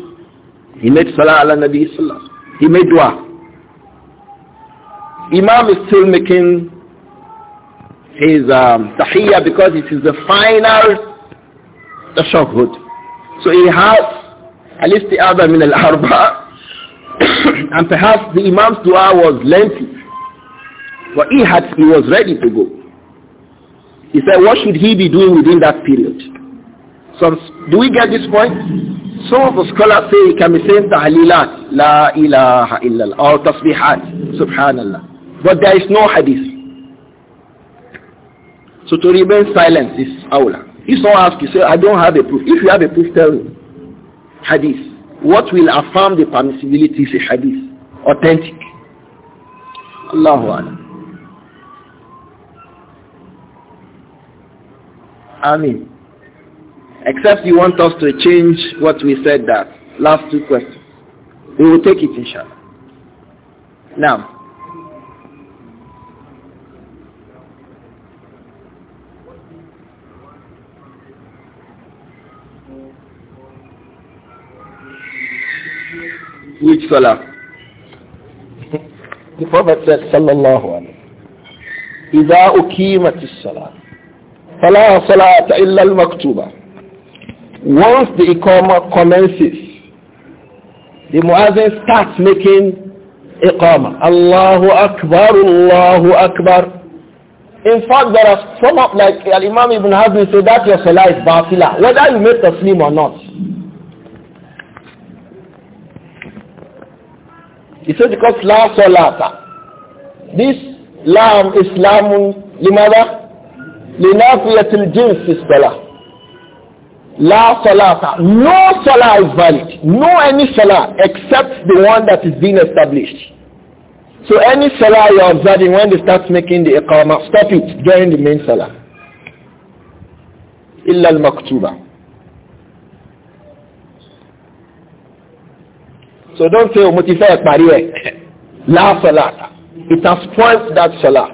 He made salah ala nabi sallallahu He made dua. Imam is still making his um, tahiyya because it is the final tashahud. So he has the other min al-arba and perhaps the Imam's dua was lengthy. But he had, he was ready to go. He said, what should he be doing within that period? So do we get this point? Some of the scholars say it can be saying ta'lilat, la ilaha illallah, or tasbihat, subhanallah. But there is no hadith. So to remain silent is awla. If someone asks you, say, I don't have a proof. If you have a proof, tell me. Hadith. What will affirm the permissibility is a hadith. Authentic. Allahu Akbar. Amin. Except you want us to change what we said that. Last two questions. We will take it inshallah. Now. Which salah? the Prophet said sallallahu alayhi إذا salah الصلاة فلا صلاة إلا المكتوبة once the Iqamah commences, the Muazzin starts making Iqamah. Allahu Akbar, Allahu Akbar. In fact, there are some of like Imam Ibn Hazmi said that your salah is batila, whether you make taslim or not. He said because la salata. This lam islamun limada linafiyatil jins is salah. La salata. No salah is valid. No any salah except the one that is being established. So any salah you're observing when they start making the iqamah, stop it during the main salah. Illa al-maktuba. So don't say, Umutifai Pariwe. La salata. It has spoiled that salah.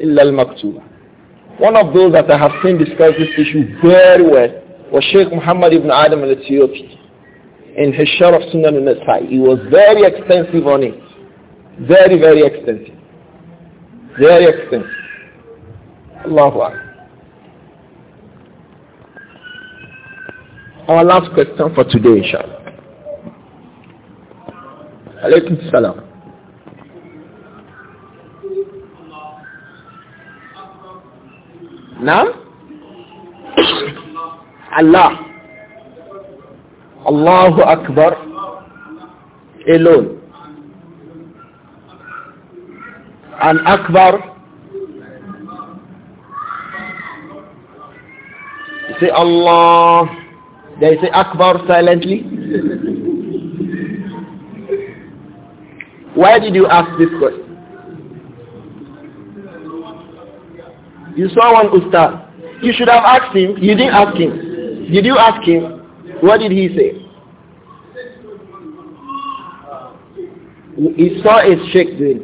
Illa al-maktuba. One of those that I have seen discuss this issue very well was Sheikh Muhammad ibn Adam al-Ethiopi in his Sharaf Sunan al-Nasai. He was very extensive on it. Very, very extensive. Very extensive. Allahu Akbar. Our last question for today, inshallah. Alaykum salam. Now? Allah. Allahu Akbar alone. An Akbar you say Allah they say Akbar silently why did you ask this question You saw one ustad. You should have asked him. You didn't ask him. Did you ask him? What did he say? He saw a sheikh doing.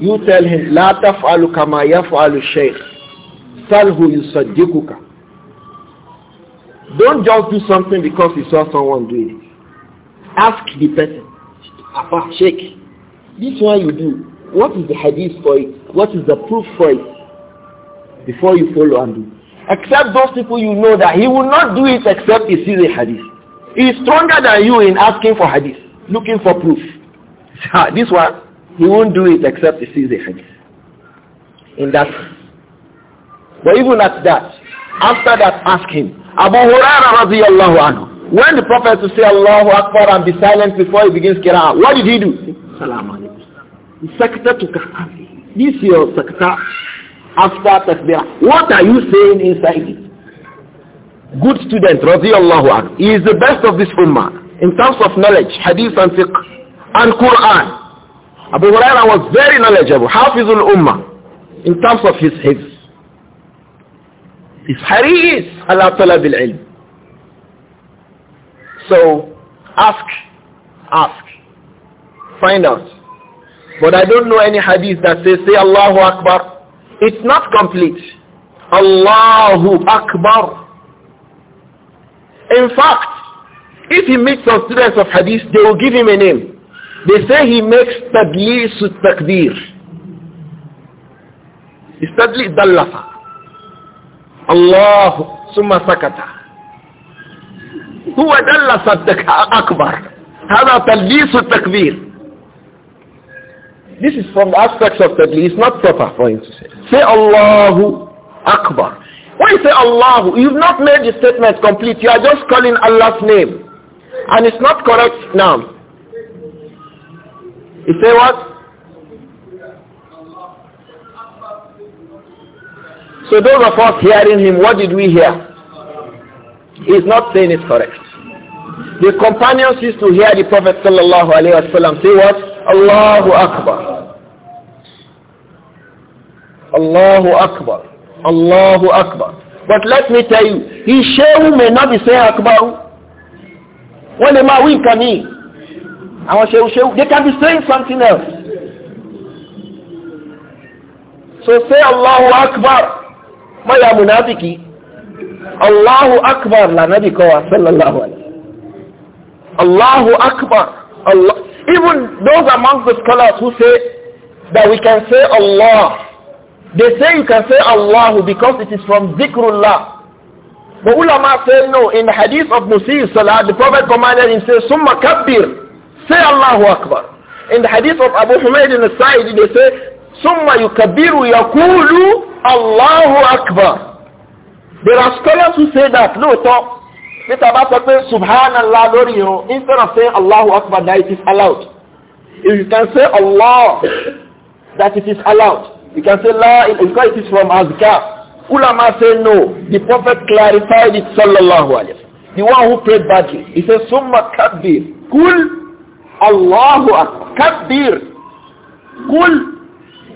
You tell him, لا تفعل كما يفعل الشيخ. سله يصدقك. Don't just do something because you saw someone doing it. Ask the person. About sheikh. This one you do. What is the hadith for it? What is the proof for it? before you follow and do. Except those people you know that he will not do it except he sees a hadith. He is stronger than you in asking for hadith, looking for proof. this one, he won't do it except he sees a hadith. In that. But even at that, after that ask him, Abu Hurairah radiallahu anhu, when the prophet to say Allahu Akbar and be silent before he begins Qira'ah, what did he do? Salam alaykum. This is your sakata after tasbih. What are you saying inside it? Good student, radiyallahu anhu. He is the best of this ummah in terms of knowledge, hadith and fiqh, and Quran. Abu Huraira was very knowledgeable, hafizul ummah, in terms of his hifz. His haris ala talab al-ilm. So, ask, ask, find out. But I don't know any hadith that says, say Allahu Akbar, it's not complete. Allahu Akbar. In fact, if he meets some students of hadith, they will give him a name. They say he makes tadlis takbir. It's tadlis dallafa. Allahu summa sakata. هو دلس akbar. هذا تدليس التكبير This is from the aspects of tadlis, not proper for him to say. Say Allahu Akbar. When you say Allahu, you've not made the statement complete. You are just calling Allah's name. And it's not correct now. You say what? So those of us hearing him, what did we hear? He's not saying it correct. The companions used to hear the Prophet sallallahu alaihi wasallam say what? Allahu Akbar. Allahu Akbar. Allahu Akbar. But let me tell you, he shehu may not be saying Akbar. When a man weak. in, they can be saying something else. So say Allahu Akbar. Maya munafiki. Allahu Akbar la Nabi sallallahu alayhi. Allahu Akbar. Allah. Even those amongst the scholars who say that we can say Allah they say you can say Allah because it is from zikrullah. But ulama say no. In the hadith of Musi Salah, the Prophet commanded him say, Summa kabbir. Say Allahu Akbar. In the hadith of Abu Humayd in the Sa'id, they say, Summa yukabiru yakulu Allahu Akbar. There are scholars who say that. No, talk. Peter bá sọ subhanallah lórí instead of saying allahu akbar that it is allowed if you can say allah that it is allowed you can say la because it is from Azkar. Ulama say no. The Prophet clarified it sallallahu alayhi wa The one who prayed badly. He says summa kabbir. Kul Allahu Akbar. Kabbir. Kul.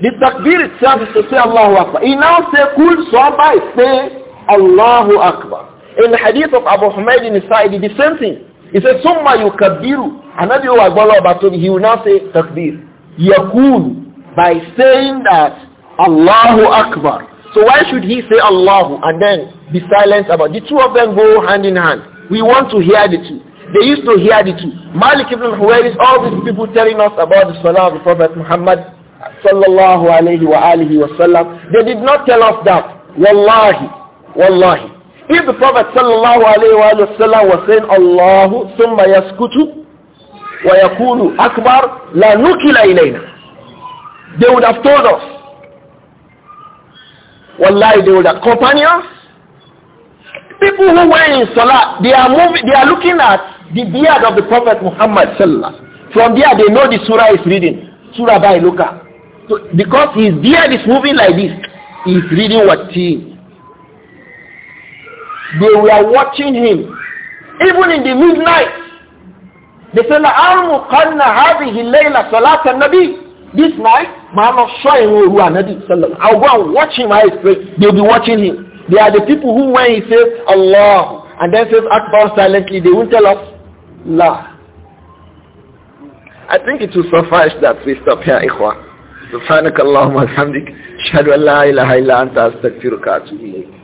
The takbir itself is to say Allahu Akbar. He now say kul sahaba is say Allahu Akbar. In the hadith of Abu Hamid in Sa'id, the same thing. He says summa yukabbiru. Another one Agbala Obatoni, he will now say takbir. Yakul. By saying that Allahu Akbar. So why should he say Allahu and then be silent about it? The two of them go hand in hand. We want to hear the two. They used to hear the two. Malik ibn Huwairis, all these people telling us about the Salah of the Prophet Muhammad sallallahu alayhi wa alihi wa sallam. They did not tell us that. Wallahi, wallahi. If the Prophet sallallahu alayhi wa sallam was saying Allahu summa yaskutu wa yakulu akbar la nukila ilayna. They would have told us. Wallahi, they would accompany us. People who were in Salah, they are moving, they are looking at the beard of the Prophet Muhammad Sallallahu From there, they know the surah is reading. Surah by Luka. So, because his beard is moving like this, he's reading what he They were watching him. Even in the midnight, they said, al-muqanna hadhihi layla salat al-nabi. This night, man of showing who Anabi it, I'll go and watch him while he's praying. They'll be watching him. They are the people who when he says Allah and then says Akbar silently, they won't tell us La. I think it will suffice that we stop here, Ikhwa. سبحانك اللهم وبحمدك اشهد ان لا اله الا انت استغفرك واتوب اليك